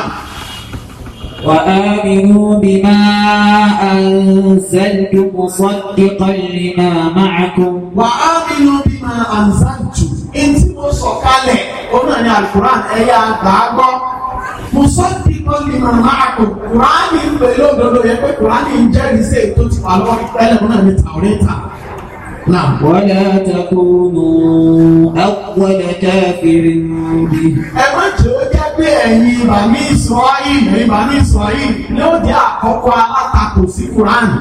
وآمنوا بما أنزلت مصدقا لما معكم وآمنوا بما أنزلت ẹni tí mo sọ kalẹ̀ òun náà ni alukuran ẹ̀yà gbàgbọ́ mo sọ ti kọ́ ni màmá àpò kurani pẹ̀lú òdodo yẹ pé kurani ń jẹ́rìí sí èyí tó ti wà lọ́wọ́ ìpẹ́lẹ̀ òun náà ni tàwọ́rẹ́ta. نعم ولا تكونوا أول كافر به ẹ̀yin ìbàmí israel ìbàmí israel ni ó jẹ́ àkọ́kọ́ alátakò sí kúránì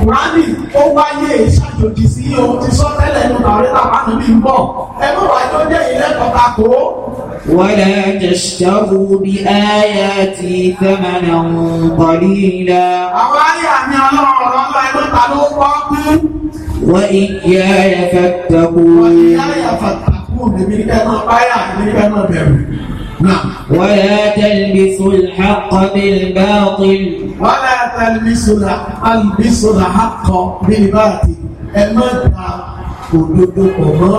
kúránì ó wáyé ìṣàjòjì sí ohun tí sọ tẹ́lẹ̀ nínú ààrẹ tàbánú bí ń bọ̀ ẹ mọ̀ wá tó jẹ́ ìlẹ́kọ̀ọ́ takò. ولا تشتروا بآياتي ثمنا قليلا. àwọn àyà mi ọlọ́run ọ̀rọ̀ ọlọ́run ló wọ́n kú. وإياي فاتقون وإياي فاتقون ولا تلبسوا الحق بالباطل ولا تلبسوا البسوا الحق بالباطل المدى òdodo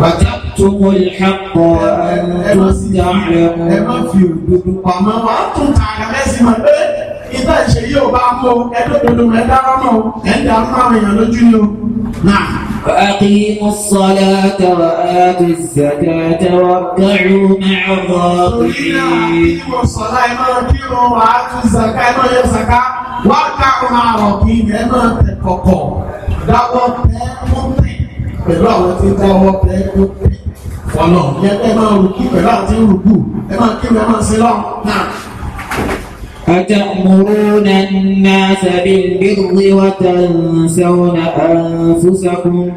وتكتموا الحق وأنتم تعلمون ẹ má fi òdodo pamọ́ wàá tún tààrà mẹ́sìn mọ́ ìta ìṣe yóò bá mú ẹdọdodo rẹ dára mọ ẹdá máa yàn lójú ni o. وأقيموا الصلاة وآتوا الزكاة واركعوا مع الراكعين. واركعوا مع الراكعين ẹ máa tẹ kọ̀kọ̀ dáwọ́ tẹ́ mú tẹ̀ pẹ̀lú àwọn tí dáwọ́ tẹ́ mú tẹ̀ fọlọ́ ẹ máa rùkú pẹ̀lú àwọn tí ẹ máa kí ẹ máa sin lọ́wọ́ أتأمرون الناس بالبر وتنسون أنفسكم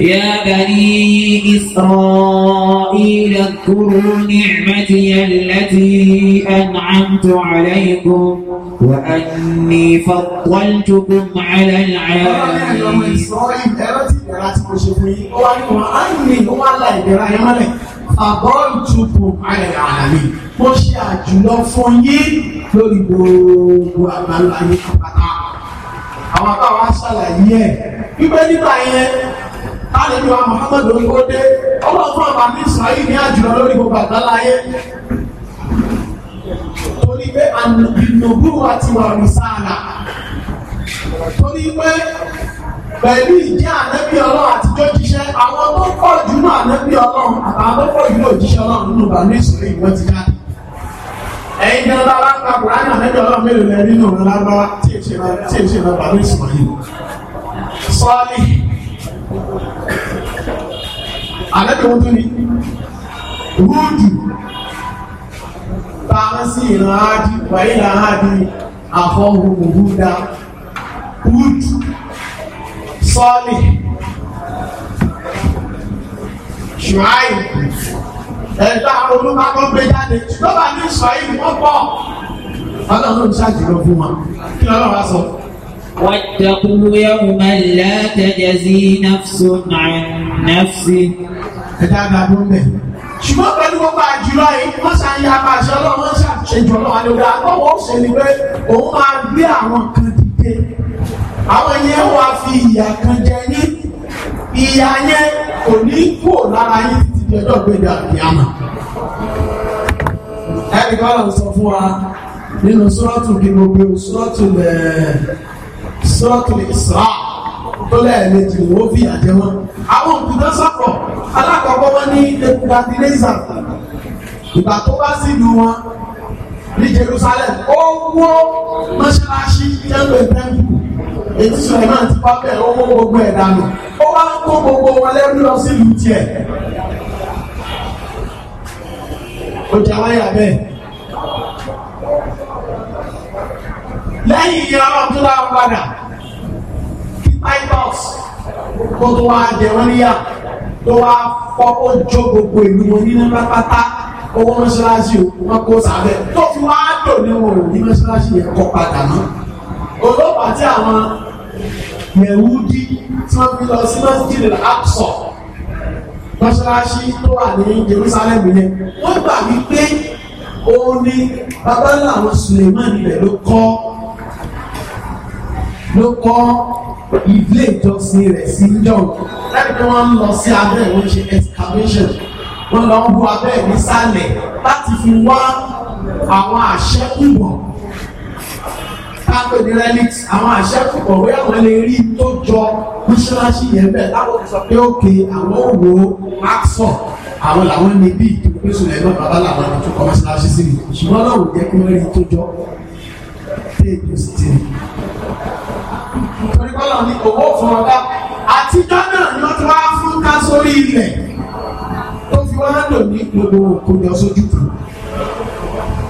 يا بني إسرائيل اذكروا نعمتي التي أنعمت عليكم وأني فضلتكم على العالمين àbọ̀ ìtukù àyà àlè mo ṣe àjùlọ fún yín lórí gbogbo àgbàlá yín pátá àwọn àbáwá ṣàlàyé ẹ̀ wípé nígbà yẹn alẹ́lú wa muhammadu ọdẹ ọlọ́fún àbámi israẹli ní àjùlọ lórí gbogbo àgbáláyé torí pé ànàbí nòbú wa ti wà rìsáàlà torí pé pẹ̀lú ìdí ànábì ọlọ́run àtijọ́ jíṣẹ́ àwọn tó pọ̀ jù náà ànábì ọlọ́run àtàwọn tó pọ̀ jù náà jíṣẹ́ ọlọ́run nínú bàánú ìṣòro ìwọ́n ti jáde. ẹ̀yin jẹ́ ọba aláǹkà kùránì ànábì ọlọ́run mélòó lẹ nínú òun lágbára tí èsì rẹ bàánú ìṣòro yìí. sọ́ọ́lì ànábì wọn tó ní rúdù táwọn sí ìran áádì wàyí ìran áádì àfọwọ́ òhúdà rúdù sọ́ọ̀lì ṣùháì ẹ̀dá olúkakọ́ gbé jáde lọ́ba ní ìṣọ̀yí wọ́n pọ̀ ọlọ́run ṣàjùlọ fún wa kí lọ́rọ̀ wá sọ. واتقوا يوما لا تجزي نفس عن نفس ẹ̀dá àgbàdo mẹ́. ṣùgbọ́n pẹ̀lú gbogbo àjùlọ yìí wọ́n ṣàyà àbàṣẹ ọlọ́run ṣàṣejù ọlọ́run àlejò àgbọ̀wọ́ ṣèlú pé òun máa àwọn yẹn wà fi ìyà kan jẹ yín ìyà yẹn kò ní kú lára yín ti di ọjọ́ gbẹdẹ àbíyàmà ẹnì kan lọ sọ fún wa nínú sọ́ọ̀tù kí mo gbé sọ́ọ̀tù lẹ́ẹ̀ sọ́ọ̀tù ìsra tó lẹ́ẹ̀mejì wọ́n fi àjẹ wọn àwọn òkúta sọ̀rọ̀ alákọ̀ọ́kọ́ wọn ní ekunadinesa ìgbà tó bá sì lu wọn ní Jerusalem ó wó mọ́ṣáláṣí jẹ́lò ìtẹ́kù èyí Suleiman ti bá bẹ̀rẹ̀ ó kó gbogbo ẹ̀ dànù ó wá kó gbogbo wọn lẹ́rú lọ sí ìlú tiẹ̀ ó jẹ wáyà bẹ́ẹ̀. lẹ́yìn ìyá ọ̀túnlá padà kí pythons kó tó wá jẹ wọ́n níyà tó wá fọ́ ó jó gbogbo ìlú wọn nínú pátápátá owó mọ́ṣáláṣí wọn kó sábẹ́ tó fi wá dò ní wọn ò ní mọ́ṣáláṣí yẹn kọ́ padà mọ́. olóòpàá tí àwọn yẹ̀wúdí tí wọ́n fi lọ sí masjid al-aqsa mọ́ṣáláṣí tó wà ní jerusalem yẹn wọ́n gbà wípé òun ni bàbá ńlá àwọn suleiman ibẹ̀ ló kọ́ ló kọ́ ilé ìjọsìn rẹ̀ sí john láti pé wọ́n lọ sí abẹ́ ìwé ṣe excavation wọ́n lọ ń bu abẹ́ ìwé láti fi wá àwọn àṣẹ́kùbọ̀ pè ní relics àwọn àṣẹ́kùkọ̀ bóyá wọ́n lè rí tó jọ mọ́ṣáláṣí yẹn bẹ́ẹ̀ láwọn sọ pé òkè àwọn òwò axọ àwọn làwọn níbí ìtòkùnfẹ́sùn lẹ́gbọ́n bàbá làwọn àti ọkọ̀ mọ́ṣáláṣí sí ni ṣùgbọ́n náà ò jẹ́ kí wọ́n rí tó jọ téèpù sí ti rí. torí bọ́lá ní owó fún ọ̀dá àtijọ́ náà ni wọ́n ti wá fún ká sórí ilẹ̀ tó fi wọ́n lò ní gbogbo òkòjọ́ sójú kan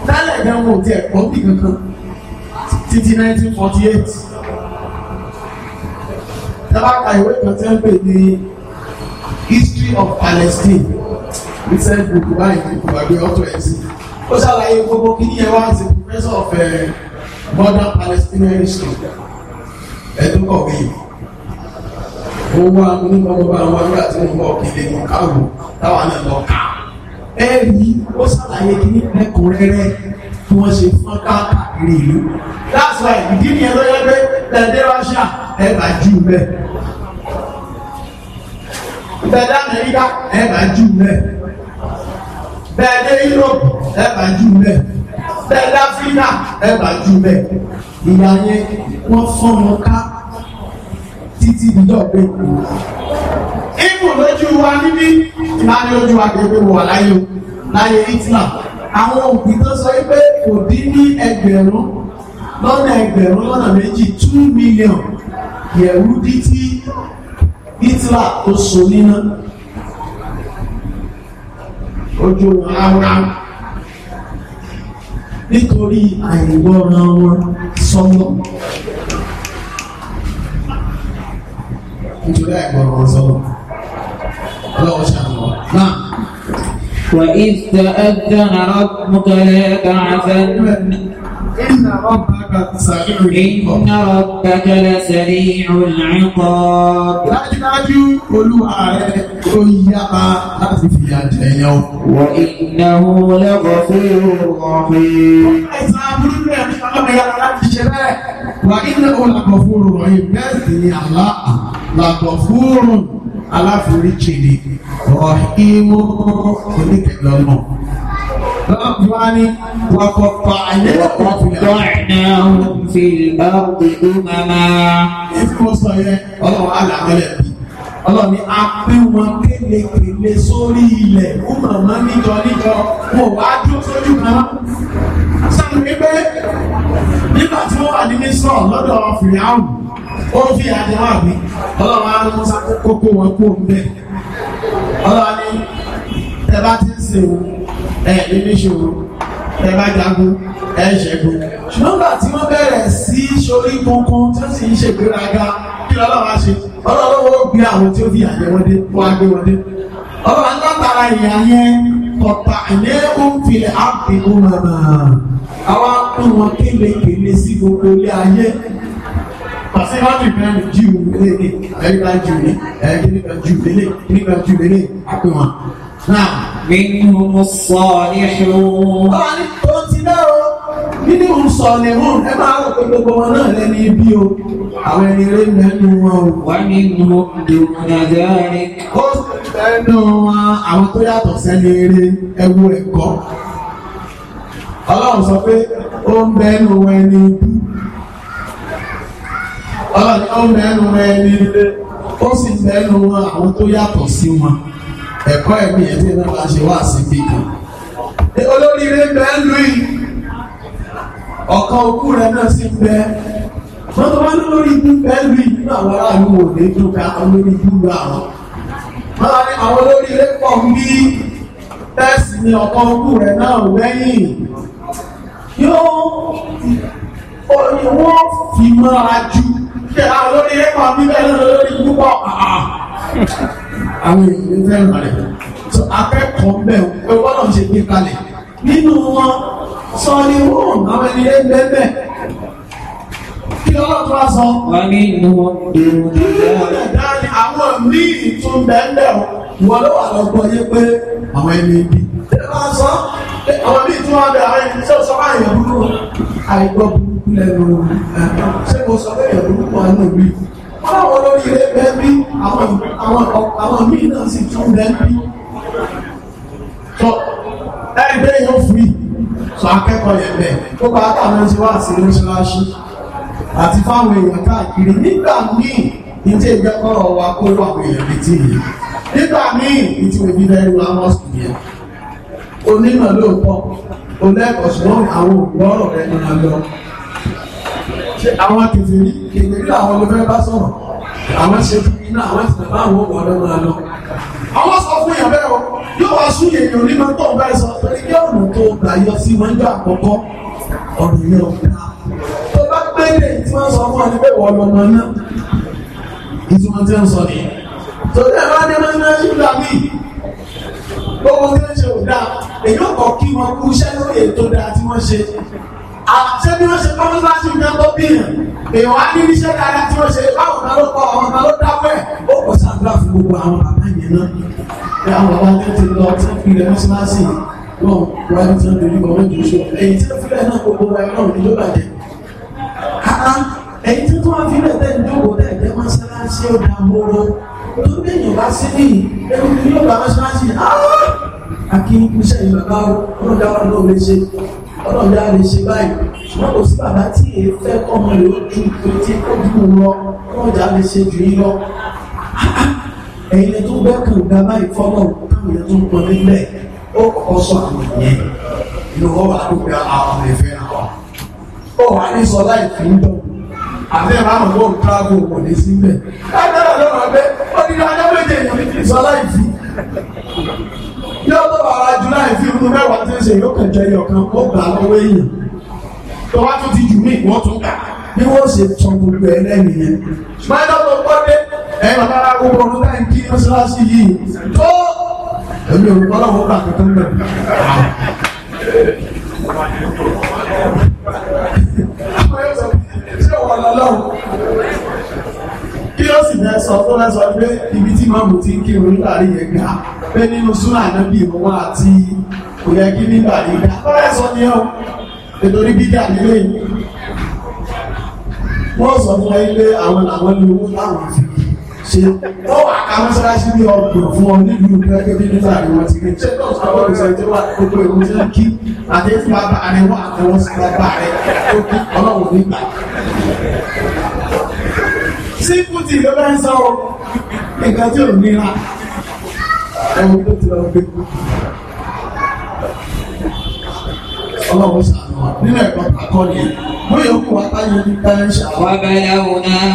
tẹ́lẹ̀ gan wọn ò tiẹ̀ pọ́ bì kankan títí 1948 tẹ́láka ìwé kan tẹ́ ń pè ní history of Palestine recent book báyìí ní ìgbàgbé ọ̀tọ̀ ẹ̀ sí ó ṣàlàyé gbogbo kí ní ẹ wá sí professor of eh, modern Palestinian history ẹ̀dùn kọ̀wé yìí ó wá nípa gbogbo àwọn àgbà tí wọ́n bọ̀ kéde ní káwò táwọn náà lọ kà ẹ rí ó ṣàlàyé kí ní ẹ̀kúnrẹ́rẹ́ bí wọ́n ṣe fọ́n káàkiri ìlú that's why ìdí nìyẹn tó yẹ pé tẹ̀lé Russia ẹ bá jù bẹ́ẹ̀ tẹ̀lé Amẹ́ríkà ẹ bá jù bẹ́ẹ̀ tẹ̀lé Europe ẹ bá jù bẹ́ẹ̀ tẹ̀lé Africa ẹ bá jù bẹ́ẹ̀ ìyá yẹn wọ́n fọ́n wọn ká títí ìdíjọ́ pé kù ìmù lójú wa níbí ìmáyé ojú wa gbogbo wà láyé láyé Hitler àwọn òbí tó sọ pé kò dín ní ẹgbẹ̀rún lọ́nà ẹgbẹ̀rún lọ́nà méjì two million yẹ̀wúdí tí Hitler tó so níná ojú ara nítorí àìgbọràn wọn sọ́nà nítorí àìgbọràn wọn sọ́nà ọlọ́wọ́ ṣàmùlọ́ náà. وإذ تأذن ربك ليبعثن إن ربك سريع إن ربك لسريع العقاب وإنه لغفور رحيم وإنه لغفور رحيم الله لغفور aláforíjì ni ọ̀hìnmó oníkẹlọ́nà. Lọ́pàá ni wàkọ̀ pààyè ọ̀pọ̀ ìdáná fi ọ̀pọ̀ ìdúmọ̀mọ́. Ìfúnṣọ yẹn ọlọ́run alàmọ́lẹ̀ bí ọlọ́run ni a pín wọn kélekèle sórí ilẹ̀ ó màmá níjọ níjọ wọn ò wá dúró sójú kan sẹ́nu wípé nígbà tí wọ́n wà ní mísọ̀ lọ́dọ̀ fìyàwó ó fi àdéhùn àbí ọlọ́run á mú sákòókò wọn kó ń bẹ̀ ọlọ́run ni ẹ bá ti ń sè o ẹ níníṣòro ẹ bá jagun ẹ ṣẹ́gun ṣùgbọ́n nígbà tí wọ́n bẹ̀rẹ̀ sí sórí kankan tí wọ́n sì ń ṣègbéraga lọ́lọ́wọ́ ṣe ọlọ́wọ́ gbé àwọn tí ó fi àyẹ̀ wọn dé wọ́n á gbé wọn dé ọlọ́wọ́ látara ìyá yẹn kọ̀tà ní òǹfilẹ̀ ápì ọmọọmọ àwọn akún wọn kélékèlé sí gbogbo ilé ayé pàṣẹ láti bẹ̀rẹ̀ jù lélẹ̀ ẹ̀ríkà jù lé ẹ̀ríkà jù lélẹ̀ ẹ̀ríkà jù lélẹ̀ àpè wọn. Nínú sọ̀rọ̀ ìṣòro. Báwa ní nínú ìsọ ni ẹ máa rò pé gbogbo wọn ibi o àwọn ẹni eré mẹ́nu wọn o. wọ́n ní mo dùnkùn àdáyé. ó sì fẹ́nu wọn àwọn tó yàtọ̀ sẹ́ni eré ẹwu ẹ̀kọ́. ọlọ́run sọ pé ó ń bẹ́nu wọn ẹni ibi. ọlọ́run ó ń wọn ẹni ilé ó sì wọn àwọn tó yàtọ̀ sí wọn. ẹ̀kọ́ ẹ̀mí ẹ̀ tí ọ̀kan okú rẹ̀ náà sì ń bẹ wọ́n tó bá ní lórí ibi pẹ̀lú ìlú àwọn aráàlú ò ní dúkà olórí dúró àwọn máa ní àwọn olórí ilé pọ̀ bí tẹ́sì ni ọ̀kan okú rẹ̀ náà wẹ́yìn yóò orí wọ́n fi mọ́ra ju kí àwọn olórí ilé pọ̀ ń bí bẹ́ẹ̀ lọ́nà lórí púpọ̀ àwọn èèyàn fẹ́ràn rẹ̀ akẹ́kọ̀ọ́ bẹ́ẹ̀ pé wọ́n náà ṣe gbé kalẹ̀ nínú wọn sọ ni wọ́n àwọn ẹni lé bẹ́ẹ̀ kí lọ́wọ́ tó wá sọ. wà ní inú wọn. inú rẹ̀ dání àwọn míì tún bẹ́ẹ̀ wọ́n ló wà lọ́gbọ́n yé pé àwọn ẹni ibi. ẹ máa sọ àwọn míì tún wá bẹ àwọn ẹni tí ó sọ máa yẹ burú àìgbọ́ burúkú lẹ́nu ṣé mo sọ pé yẹ burúkú wà nù bí. wọ́n láwọn olórí ilé bẹ́ẹ̀ bí àwọn míì náà sì tún bẹ́ẹ̀ bí. ẹgbẹ́ yóò fún sọ akẹ́kọ̀ọ́ yẹn bẹ̀ ó pa àtàwọn tí wà sí mọ́ṣáláṣí àti fáwọn èèyàn káàkiri nígbà míì ìtí ìgbẹ́kọ̀rọ̀ wa kó wà àwọn èèyàn létí yìí nígbà míì ìtí òbí fẹ́ẹ́ wá mọ́sùn yẹn onímọ̀ lóòótọ́ olẹ́kọ̀ọ́ ṣùgbọ́n àwọn òwúrọ̀ rẹ̀ nà lọ ṣe àwọn kìfìrí kìfìrí àwọn olùfẹ́ bá sọ̀rọ̀ àwọn ṣe fún iná àwọn ìsìnkú àwọn òwúrọ̀ náà lọ àwọn sọ fún ìyàbẹ̀rẹ̀ yóò wá sún èèyàn ní máa ń tọ̀ báyìí sọ pé ní ọ̀nà tó gbà yọ sí wọn jọ àkọ́kọ́ ọ̀rọ̀ yẹn ọ̀dà tó bá gbé lè tí wọ́n sọ fún ọ ní pé wọ́n lọ mọ náà ìtumọ̀ tí wọ́n sọ ni torí ẹ̀ bá dé mọ́tínà ṣì gbà mí gbogbo tí wọ́n ṣe ò èyí ò kọ́ kí wọn kú iṣẹ́ lórí ètò dáa tí wọ́n ṣe àṣẹ bí wọ́n ṣe kọ́ mọ́tínà ṣì gbà tó bíyàn èèyàn á ní iṣẹ́ dáadáa tí wọ́n ṣe báwọn ta ló kọ́ àwọn ta ló dáwẹ́ ó kọ́ sàdúrà fún gbogbo àwọn bàbá yẹn náà pé àwọn bàbá tó ti lọ tó fi rẹ mọ́ṣáláṣí náà wọ́n ti tán lórí ọ̀rọ̀ ìjọsọ èyí tí wọ́n fi rẹ̀ náà gbogbo wa náà ní ló bàjẹ́ èyí tí wọ́n fi rẹ̀ tẹ̀ ń dókòó tẹ̀ jẹ́ mọ́ṣáláṣí ọ̀dà mọ́rọ́ tó ń gbẹ̀yìn bá sí ní ewu ni yóò bá mọ́ṣáláṣí àkí iṣẹ́ ìbàbá ọlọ́dà wà náà lè ṣe ọlọ́dà lè ṣe báyìí ṣùgbọ́n kò sí bàbá tí èyí fẹ́ kọ́mọ rẹ̀ ó ju pé tí ó dùn lọ ọlọ́dà lè ṣe jù yí lọ ẹ̀yin lè tó gbẹ́ kù gba báyìí fọ́lọ̀ káwọn lè tó pọ̀ nílẹ̀ ó kọ́ sọ àwọn ìyẹn inú wọn wà lóbi àwọn ẹ̀fẹ́ àwọn ó wà ní sọ láì fi ń dọ̀ àti ẹ̀rọ àwọn ọmọ òtúrágò kò ní síbẹ̀ ẹgbẹ́rún ló wà bẹ́ ó ní ọjọ́ méje ìyẹn sọ láì fi yóò tó wàrà jù láì fi mú mẹ́wàá tí ń ṣe yóò kẹjọ ẹyọ kan ó gbà lọ́wọ́ èèyàn tó wá tún ti jù mí ìwọ́n tún gbà bí wọ́n ṣe ẹ bàbá arákùnrin ọdún náà ń kí ní mọ́ṣáláṣí yìí tó èmi ò gbọ́dọ̀ gbà kẹtẹ ń bẹ̀. ṣé wà lọ́lọ́wọ́ kí ló sì fẹ́ sọ tó fẹ́ sọ pé ibi tí màmú ti ń kírun nígbàdí yẹn gbà pé nínú súnà ànábì ìmọ̀wá àti kò yẹ kí nígbàdí gbà tó fẹ́ ni ó nítorí bídà nílé wọ́n sọ fún ẹ pé àwọn làwọn ní owó láwọn fi ṣe wọ́n wà ká mọ́ṣáláṣí ní ọgbọ̀n fún ọ nílùú gẹ́gẹ́ bí nígbà tí wọ́n ti rí ṣé tó sọ́wọ́ ló ṣe tí wà gbogbo ìlú ṣe ń kí àti tí wàá bá rẹ wọ́n àtẹwọ́n sí bàbá rẹ tó kí ọlọ́run nígbà. síkùtì ló bá ń sọ ọ nǹkan tí ò nira ẹ̀wọ̀n tó ti lọ gbé ọlọ́run sànù wa nínú ẹ̀kọ́ àkọ́ ni wọ́n yóò kó wa táyé ní táyé ń ṣàwọ́. wà á bẹ̀rẹ̀ wọn náà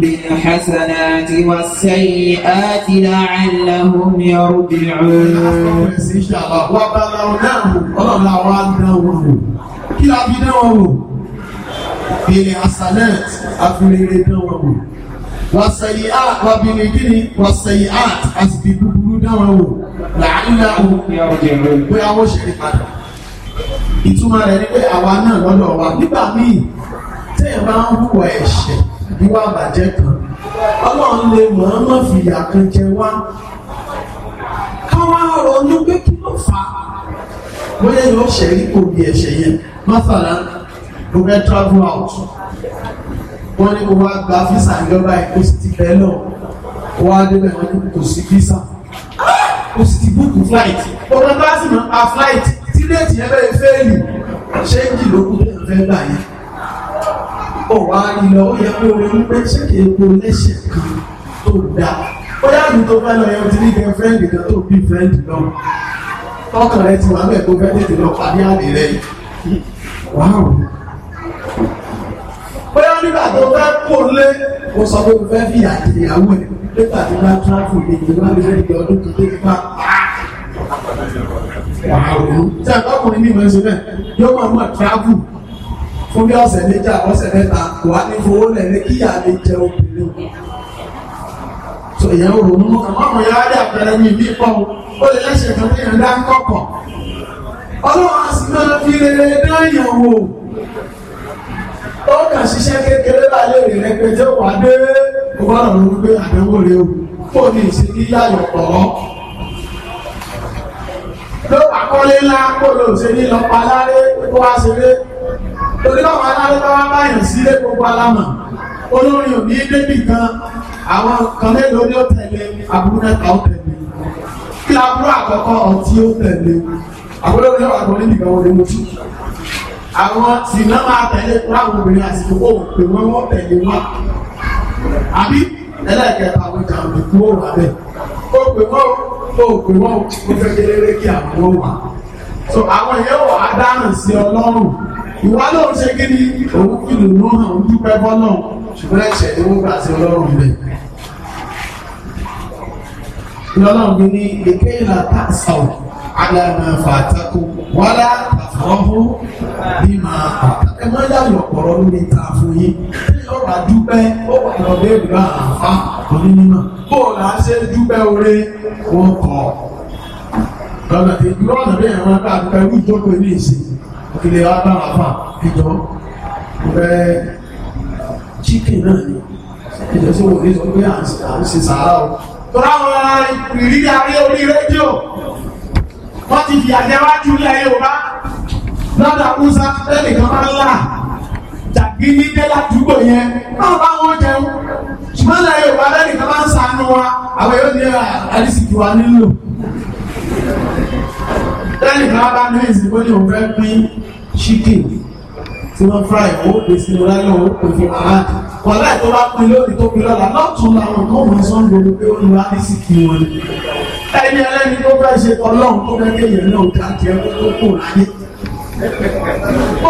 bí hasana ti wá sẹ́yìn àti láàlá wọn ni ọrùn bí ọrùn. wà á bẹ̀rẹ̀ wọn náà ọlọ́run làwọn á wò kí la fi dán wò bèrè hasanet àfìrèrè dán wò wàsàyí àt wàbìnrin gíní wàsàyí àt àti bíbúburú dán wọn wò làálàá wọn pé àwọn ṣe é padà ìtumọ̀ rẹ̀ ni pé àwa náà lọ́dọ̀ wa nígbà míì téèyàn bá ń hùwà ẹ̀ṣẹ̀ wíwá àbàjẹ́ kan ọlọ́run lè mọ̀ọ́mọ̀ fìyà kan jẹ wá káwá ronú pé kí ló fà á bóyá yóò ṣẹ̀rí kò bí ẹ̀ṣẹ̀ yẹn mọ́sàlá mo fẹ́ travel out wọ́n ní mo wá gba físà ìjọba èkó sì ti bẹ́ẹ̀ lọ wọ́n á débẹ̀ wọ́n ní kò sí físà kò sì ti búùkù flight ọ̀gá bá sì máa pa flight kíndéètì yẹn bẹ́ẹ̀ fẹ́ẹ̀lì ṣé ń jìlọ kú tó fẹ́ gbà yẹn ó wá ìlọ ó yẹ kó o ń pẹ́ ṣé kìí lẹ́sẹ̀ kan tó dáa ó yàgò tó fẹ́ lọ yẹn o ti ní kẹ́ fẹ́ẹ̀lì kan tó bí fẹ́ẹ̀lì náà tọkàn rẹ ti wà bẹ́ẹ̀ kó fẹ́ tètè lọ pàdé àdè rẹ yìí wáò bóyá nígbà tó fẹ́ kó lé mo sọ pé mo fẹ́ fi àtìyàwó ẹ̀ nígbà tó bá tún àpò ìdíje fìràwọ̀ ṣe ní ìmọ̀ọ́sẹ̀ náà yóò máa mọ̀ travel fún bí ọ̀sẹ̀ méjì ọ̀sẹ̀ mẹ́ta wà ní fowó lẹ̀ ní kíyà lè jẹ obìnrin tó ìyẹn ò ronú àmọ́ ya rí àpẹẹrẹ mi bí pọ́n ó lè lẹ́sẹ̀ kan ní ìyẹn dáńkọ̀kọ̀ ọlọ́run a sì máa fi rere dáyàn wò ó kàn ṣiṣẹ́ kékeré láyé rẹ̀ rẹpẹtẹ wà dé ó bá rọrùn pé àdánwò rẹ o fóònù ìṣe ní ló àkọlé ńlá kó ló ń ṣe ní lọ́pọ̀ aláré kó wá ṣeré torí báwọn aláré bá wá báyìí sílé gbogbo alámọ̀ olórin òní débì kan àwọn kan mélòó ni ó tẹ̀lé àbúrò mẹ́ta ó tẹ̀lé kí lábúrò àkọ́kọ́ ọtí ó tẹ̀lé àbúrò ní ọ̀gbọ̀n níbi kan wọlé mú tún àwọn sì náà máa tẹ̀lé láwọn obìnrin àsìkò pé tẹ̀lé wọn àbí ẹlẹ́kẹta àwọn jàǹdùkú ó wà bẹ́ẹ̀ ó pè wọ́n ó pè wọ́n ó fẹ́ kéré kí àwọn ó wà so àwọn yẹn wà á dáhùn sí ọlọ́run ìwà náà ṣe kí ni òun fìlù ló hàn ń dúpẹ́ bọ́ náà ṣùgbọ́n ẹ̀ṣẹ̀ ni wọ́n gbà sí ọlọ́run bẹ̀. ìlọ́lọ́run mi ní èké ìlà tá a sọ̀rọ̀ alama fàtàkù wàlá àfọwọ́ bí máa ẹ máa yàyọ̀ pọ̀rọ̀ lórí ta fún yín tí ọ̀rọ̀ àdúpẹ́ ó wà lọ bẹ́ẹ̀ bá àfa onímọ̀ bóòlù àṣẹ dúpẹ́ oore wọn kọ̀ lọ́nà ìdúró ọ̀nà bẹ́ẹ̀ wọn bá dúpẹ́ wí jókòó ní ìsìn òkèlè wa bá wà fà ìjọ ọ̀rẹ́ chicken náà ni ìjọ sí wòlé sọ pé à ń ṣe sàárà o. tọ́lá wọn ìrírí ayé orí rédíò wọ́n ti fìyà jẹ wájú ilé ayé òbá lọ́dọ̀ Hausa lẹ́nì kan máa ń là tàbí nílé ládùúgbò yẹn náà bá wọn jẹun ṣùgbọ́n ilé ayé òbá lẹ́nì kan máa ń sànú wa àwọn yóò ní ah, àdìsíkì wa nílò lẹ́nì kan bá ní ìsìnkú ní òun fẹ́ pín chicken tí wọ́n fry owó pèsè lọ́lẹ́ owó pèsè àmàlà kọ̀ọ̀lá ètò wa pin lórí tó pin lọ́la lọ́tún làwọn kan wọ́n sọ́ńdọ̀ ló pé ó ń lọ àdìsíkì wọn ni ẹni ẹlẹ́ni tó fẹ́ ṣe ọlọ́run tó fẹ́ kéèyàn náà dá jẹ́ tó kù láyé.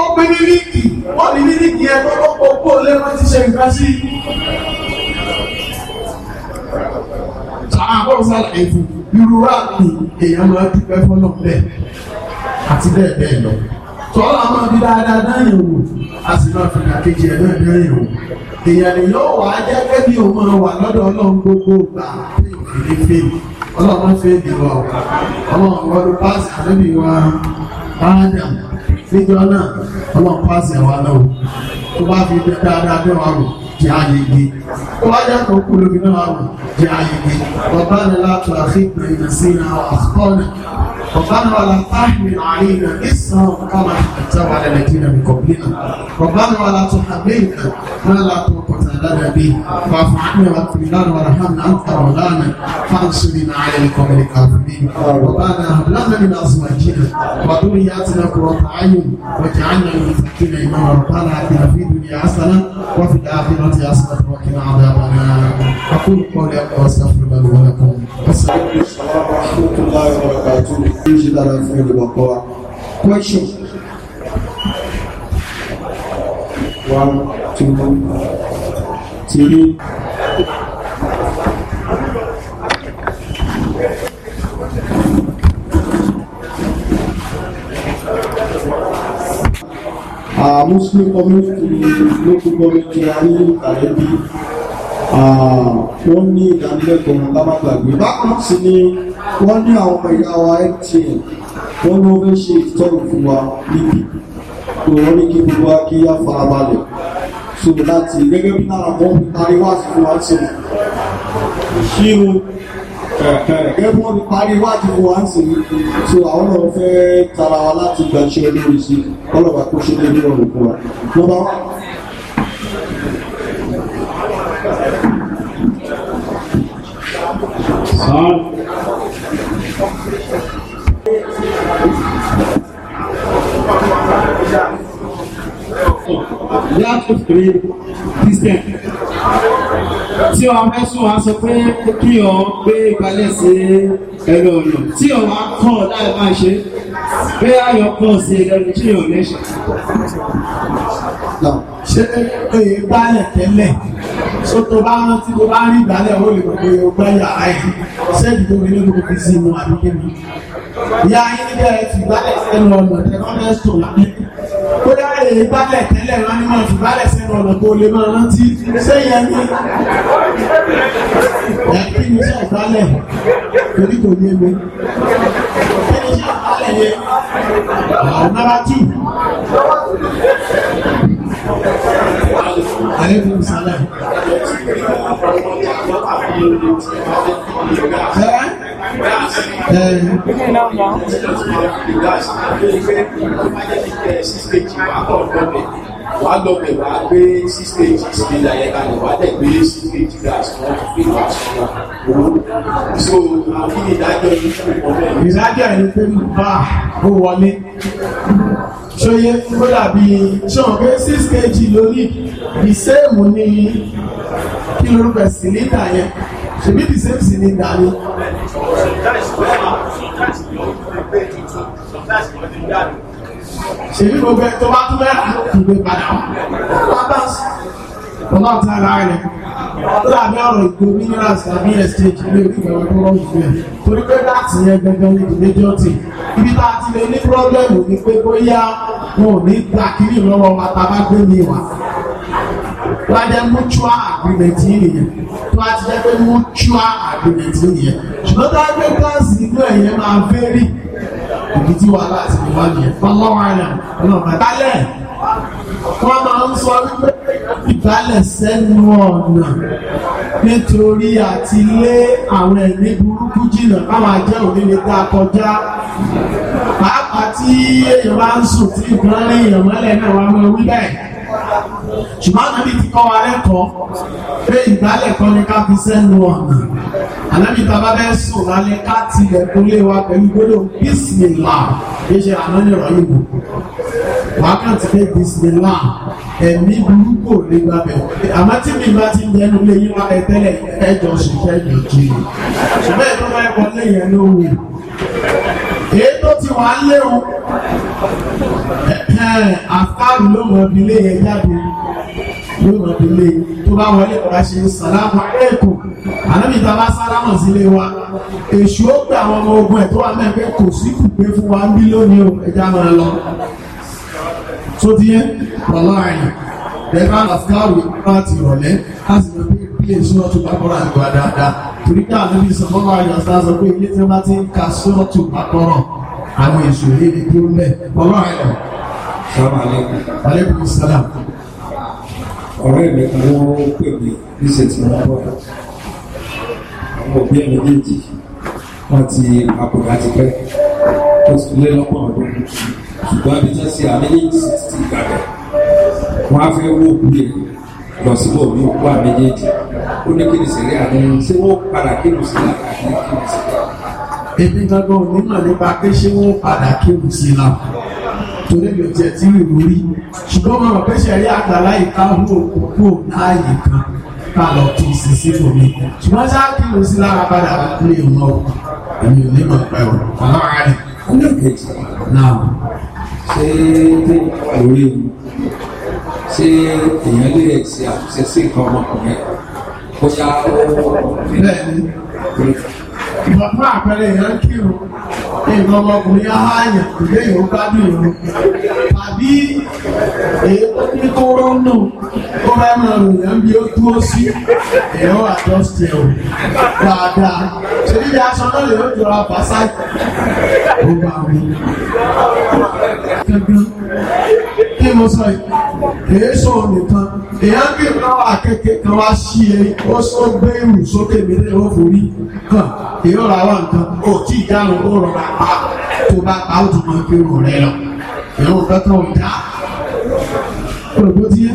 ó pín ní líìkì wọ́n ní ní líìkì yẹn tó kọ́kọ́ kó lé ti ṣe nǹkan sí. sàbọ̀ sàlàyé fún irú wa èèyàn máa dúpẹ́ fọ́nà bẹ́ẹ̀ àti bẹ́ẹ̀ bẹ́ẹ̀ lọ. tọ́lá máa fi dáadáa dáyẹ̀ wò a sì máa fi kàkejì ẹ̀ náà dáyẹ̀ wò. èèyàn ni yóò wá jẹ́ kẹ́bí òun máa wà lọ́dọ̀ ọlọ́run gbogbo gbà pé òfin ní fèèmù ọlọ́run fẹ́ dìbò ọlọ́run wọ́dún pàṣẹ àdébì wa Adam níjọ́ náà ọlọ́run pàṣẹ wa náà tó bá fi dáadáa bẹ́ẹ̀ wà rò jẹ́ àyègbè tó bá jẹ́ kó kú lóbi náà wà rò jẹ́ àyègbè ọ̀bá ni látọ̀ àfihàn ìrìnàṣẹ́ àwọn àkọọ́lẹ̀ ربنا ولا تحمل علينا إسرا كما حملته على الذين من قبلنا ربنا ولا تحملنا ما لا طاقة لنا به واعف عنا واغفر لنا وارحمنا أنت مولانا فانصرنا على القوم الكافرين ربنا هب لنا من أزواجنا وذرياتنا قرة أعين واجعلنا للمتقين إماما ربنا آتنا في الدنيا حسنة وفي الآخرة حسنة وقنا عذاب النار أقول قولي وأستغفر الله ولكم والسلام عليكم ورحمة الله وبركاته ó ṣe dára fún olùbọ̀kọ́ wa question one two three. Our Muslim community, local community, and Arabic wọ́n ah, ní ìdánilẹ́kọ̀ọ́ wọn bá má gbàgbé bákan sí ni wọ́n ní àwọn ọmọ ìyá wa mtn wọ́n ní wọ́n fẹ́ ṣe ìtọ́rù fún wa níbi tó wọ́n ní kí gbogbo wa kí á farabalẹ̀ so láti gẹ́gẹ́ bí náà wọ́n fi parí wá sí fún wa sí ṣírù gẹ́gẹ́ bí wọ́n fi parí wá sí fún wa sí so àwọn náà fẹ́ tara wa láti gbàṣẹ́ lórí sí ọlọ́wà kó ṣe lé ní ọ̀rùn fún wa Son. Láti pé Christian tí ọ mẹ́sùn wá sọ pé kí ọ gbé ìbalẹ̀ sí ẹ̀rọ ọ̀nà tí ọ wá kọ́ láì máa ṣe bẹ́ẹ̀ ayọ̀ pọ̀ sí ẹ̀rọ tí ọ ṣé oye gbálẹ̀ tẹ́lẹ̀ so tó bá rántí tó bá rí ìgbálẹ̀ ó lè gbogbo yóò gbá yàrá ẹ̀ sẹ́ẹ̀dì tó rí lóko fi sí inú àdúgbò mi. ìyá yín ní bẹ́ẹ̀ ti gbálẹ̀ sẹ́nu ọ̀nà tẹ́lẹ̀ tó lábẹ́. ó dá èyí gbálẹ̀ tẹ́lẹ̀ wọn ni máa fi gbálẹ̀ sẹ́nu ọ̀nà tó lè máa rántí sẹ́yìn ẹni. ẹ̀ kí ni sọ̀ gbálẹ̀ àwọn náírà tù. Aleykum salam. Ẹ ẹ wàá lọ bẹ̀ gbé sí stage ìsìnlẹ̀ àyẹ̀ká ni wàá dẹ̀ gbé sí stage gas fi wà sọ́wọ́ owó so àfihàn ìdájọ́ yìí fún ọ̀rẹ́ yìí. ìdájọ́ yìí pé bá ó wọlé ṣóyé ó dàbí ṣọ́n pé six kg lórí ìséèmù ní kí lórúkọ sílíndà yẹn ṣèbí the same cylinder ni. Sometimes wẹ́ẹ̀mà sometimes yóò fún ẹgbẹ́ tuntun ṣèlú gbogbo ẹ̀ tó bá tún mẹ́ra tún gbé padà wá. Ọlọ́run ti ara rẹ̀ lórí àbí ọ̀rọ̀ ìgbò minerals àbí estate ilé ìgbà wọn tó wọ́n fún ẹ̀. Torí pé láti yẹn gangan ní ìdíléjọ́tì. Ibi tá a ti lè ní pírọ́blẹ́mù ni pé bóyá wọn ò ní gbà kiri lọ́wọ́ wa tá a bá gbé mi wá wájẹ́ mutual agreement nìyẹn tó a ti jẹ́ pé mutual agreement nìyẹn ṣùgbọ́n tá a gbé gáàsì inú ẹ̀yẹ máa fẹ́ rí ìdí tí wàhálà àti ìwà nìyẹn ọlọ́wọ́ àná ọlọ́wọ́ àtàlẹ̀ wọ́n máa ń sọ wípé ìbálẹ̀ sẹ́nu ọ̀nà nítorí àti lé àwọn ẹ̀mí burúkú jìnnà káwọn ajẹ́ òní lè dá kọjá pàápàá tí èèyàn bá ń sùn tí nǹkan rí èèyàn mọ́lẹ̀ náà wà máa wí bẹ́ẹ̀ ṣùgbọ́n ànábì ti kọ́ wa lẹ́kọ̀ọ́ pé ìgbálẹ̀kọ́ ni ká fi sẹ́nu ọ̀nà ànábì tá a bá bẹ́ẹ̀ sùn lálẹ́ ká tilẹ̀ tó lé wa pẹ̀lú gbọ́dọ̀ bísímìlà kì í ṣe àná ní ìrọ̀ ìbò wàá kàn ti pé bísímìlà ẹ̀mí burúkú lè gba bẹ̀ àmọ́ tí mi bá ti yẹnu lé yín wá ẹ̀tẹ́lẹ̀ ẹ̀jọ̀ ṣùgbọ́n ẹ̀jọ̀ kiri ṣùgbọ́n ẹ̀tọ́ bá ẹ̀kọ́ lé yẹn Eh, àfáàrù ló mọ̀ bí lé yẹn jáde ló mọ̀ bí lé tó bá wọlé ọ̀rá ṣe sàlámù ẹ̀kọ́ àlọ́bí ta bá sálámù sílé wa èṣù ó gbé àwọn ọmọ ogun ẹ̀ tó wà mẹ́fẹ́ kò sí kùpé fún wa ń bí lónìí o ẹja mọ̀ lọ tó ti yẹn pọ̀lọ́ àyìn bẹ́ẹ̀ bá àfáàrù bá ti rọ̀lẹ́ láti lọ bí ilé ìṣúná tó bá kọ́ra àgbà dáadáa torí ká àlọ́bí sọ̀kọ́mọ́ àyọ̀ sáà pé aleykum salaam. ọ̀rẹ́ mi kan wọ́n pè mí níṣẹ́ tí wọ́n bọ̀ àwọn òbí ẹ̀mí méjì wọ́n ti àbùdá ti pẹ́ ó ti lé lọ́pọ̀ ọdún ṣùgbọ́n àbí jẹ́ sí àmì ní ti ti gbàgbẹ́ wọ́n á fẹ́ wó kúrè lọ síbò ní òkú àméjèèjì ó ní kí ni sẹ̀rí àmì ṣé wọ́n padà kí ni sílá àti kí ni sílá. ebi gbàgbọ́ onímọ̀ nípa pé ṣé wọ́n padà kí ni sílá torí mi ò tiẹ̀ tí mi ò rí ṣùgbọ́n mo rò pé ṣẹ̀rí àgbàlá ìka hú òkú kú láàyè kan ká lọ tó sì sí fún mi ṣùgbọ́n ṣáà kí mo sí lára padà mi ò mọ òkú èmi ò ní mọ̀ pẹ́ o ọlọ́run rẹ̀. oníkejì náà ṣé tó wà lórí o ṣé èèyàn lè ṣe àtúnṣe sí nǹkan ọmọkùnrin bóyá ó. bẹ́ẹ̀ni ìmọ̀ fún àpẹẹrẹ èèyàn kírun ìmọ̀ ọmọkùnrin aháyàn ìwé ìwé gbádùn ìrún tàbí èyí tó ní kóró nù kó fẹ́ máa rò yẹn bí ó dúró sí èèyàn àjọsí ẹ̀wò dáadáa ṣe níbi aṣọ náà lè ó jọra bàṣá ìgbà ògbà mi kí mo sọ yìí èyí sọ nìkan èyàn ń gbìyànjú náà wà kékeré kan wá sí ẹ ó sọ gbé ìrù sókè mi ní òfò rí kan èyí ọ̀rọ̀ àwọn nǹkan ò tí ì dáhùn ó rọra pa tó bá pa ó tún máa gbé ìrù rẹ lọ èyí ò kankan ò dá olùkó tí yẹ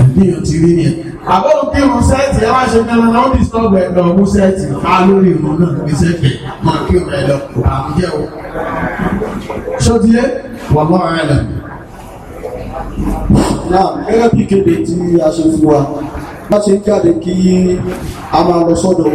ìgbìyànjú ti rí yẹn àbọ̀ kí irun sẹ́ẹ̀tì ẹ má ṣe kí ẹran náà ó disturb ẹ lọ mú sẹ́ẹ̀tì fá lórí irun náà gbèsè wallahu a'lam náà gẹ́gẹ́ bí kéde tí a ṣe fún wa láti ń jáde kí a máa lọ sọ́dọ̀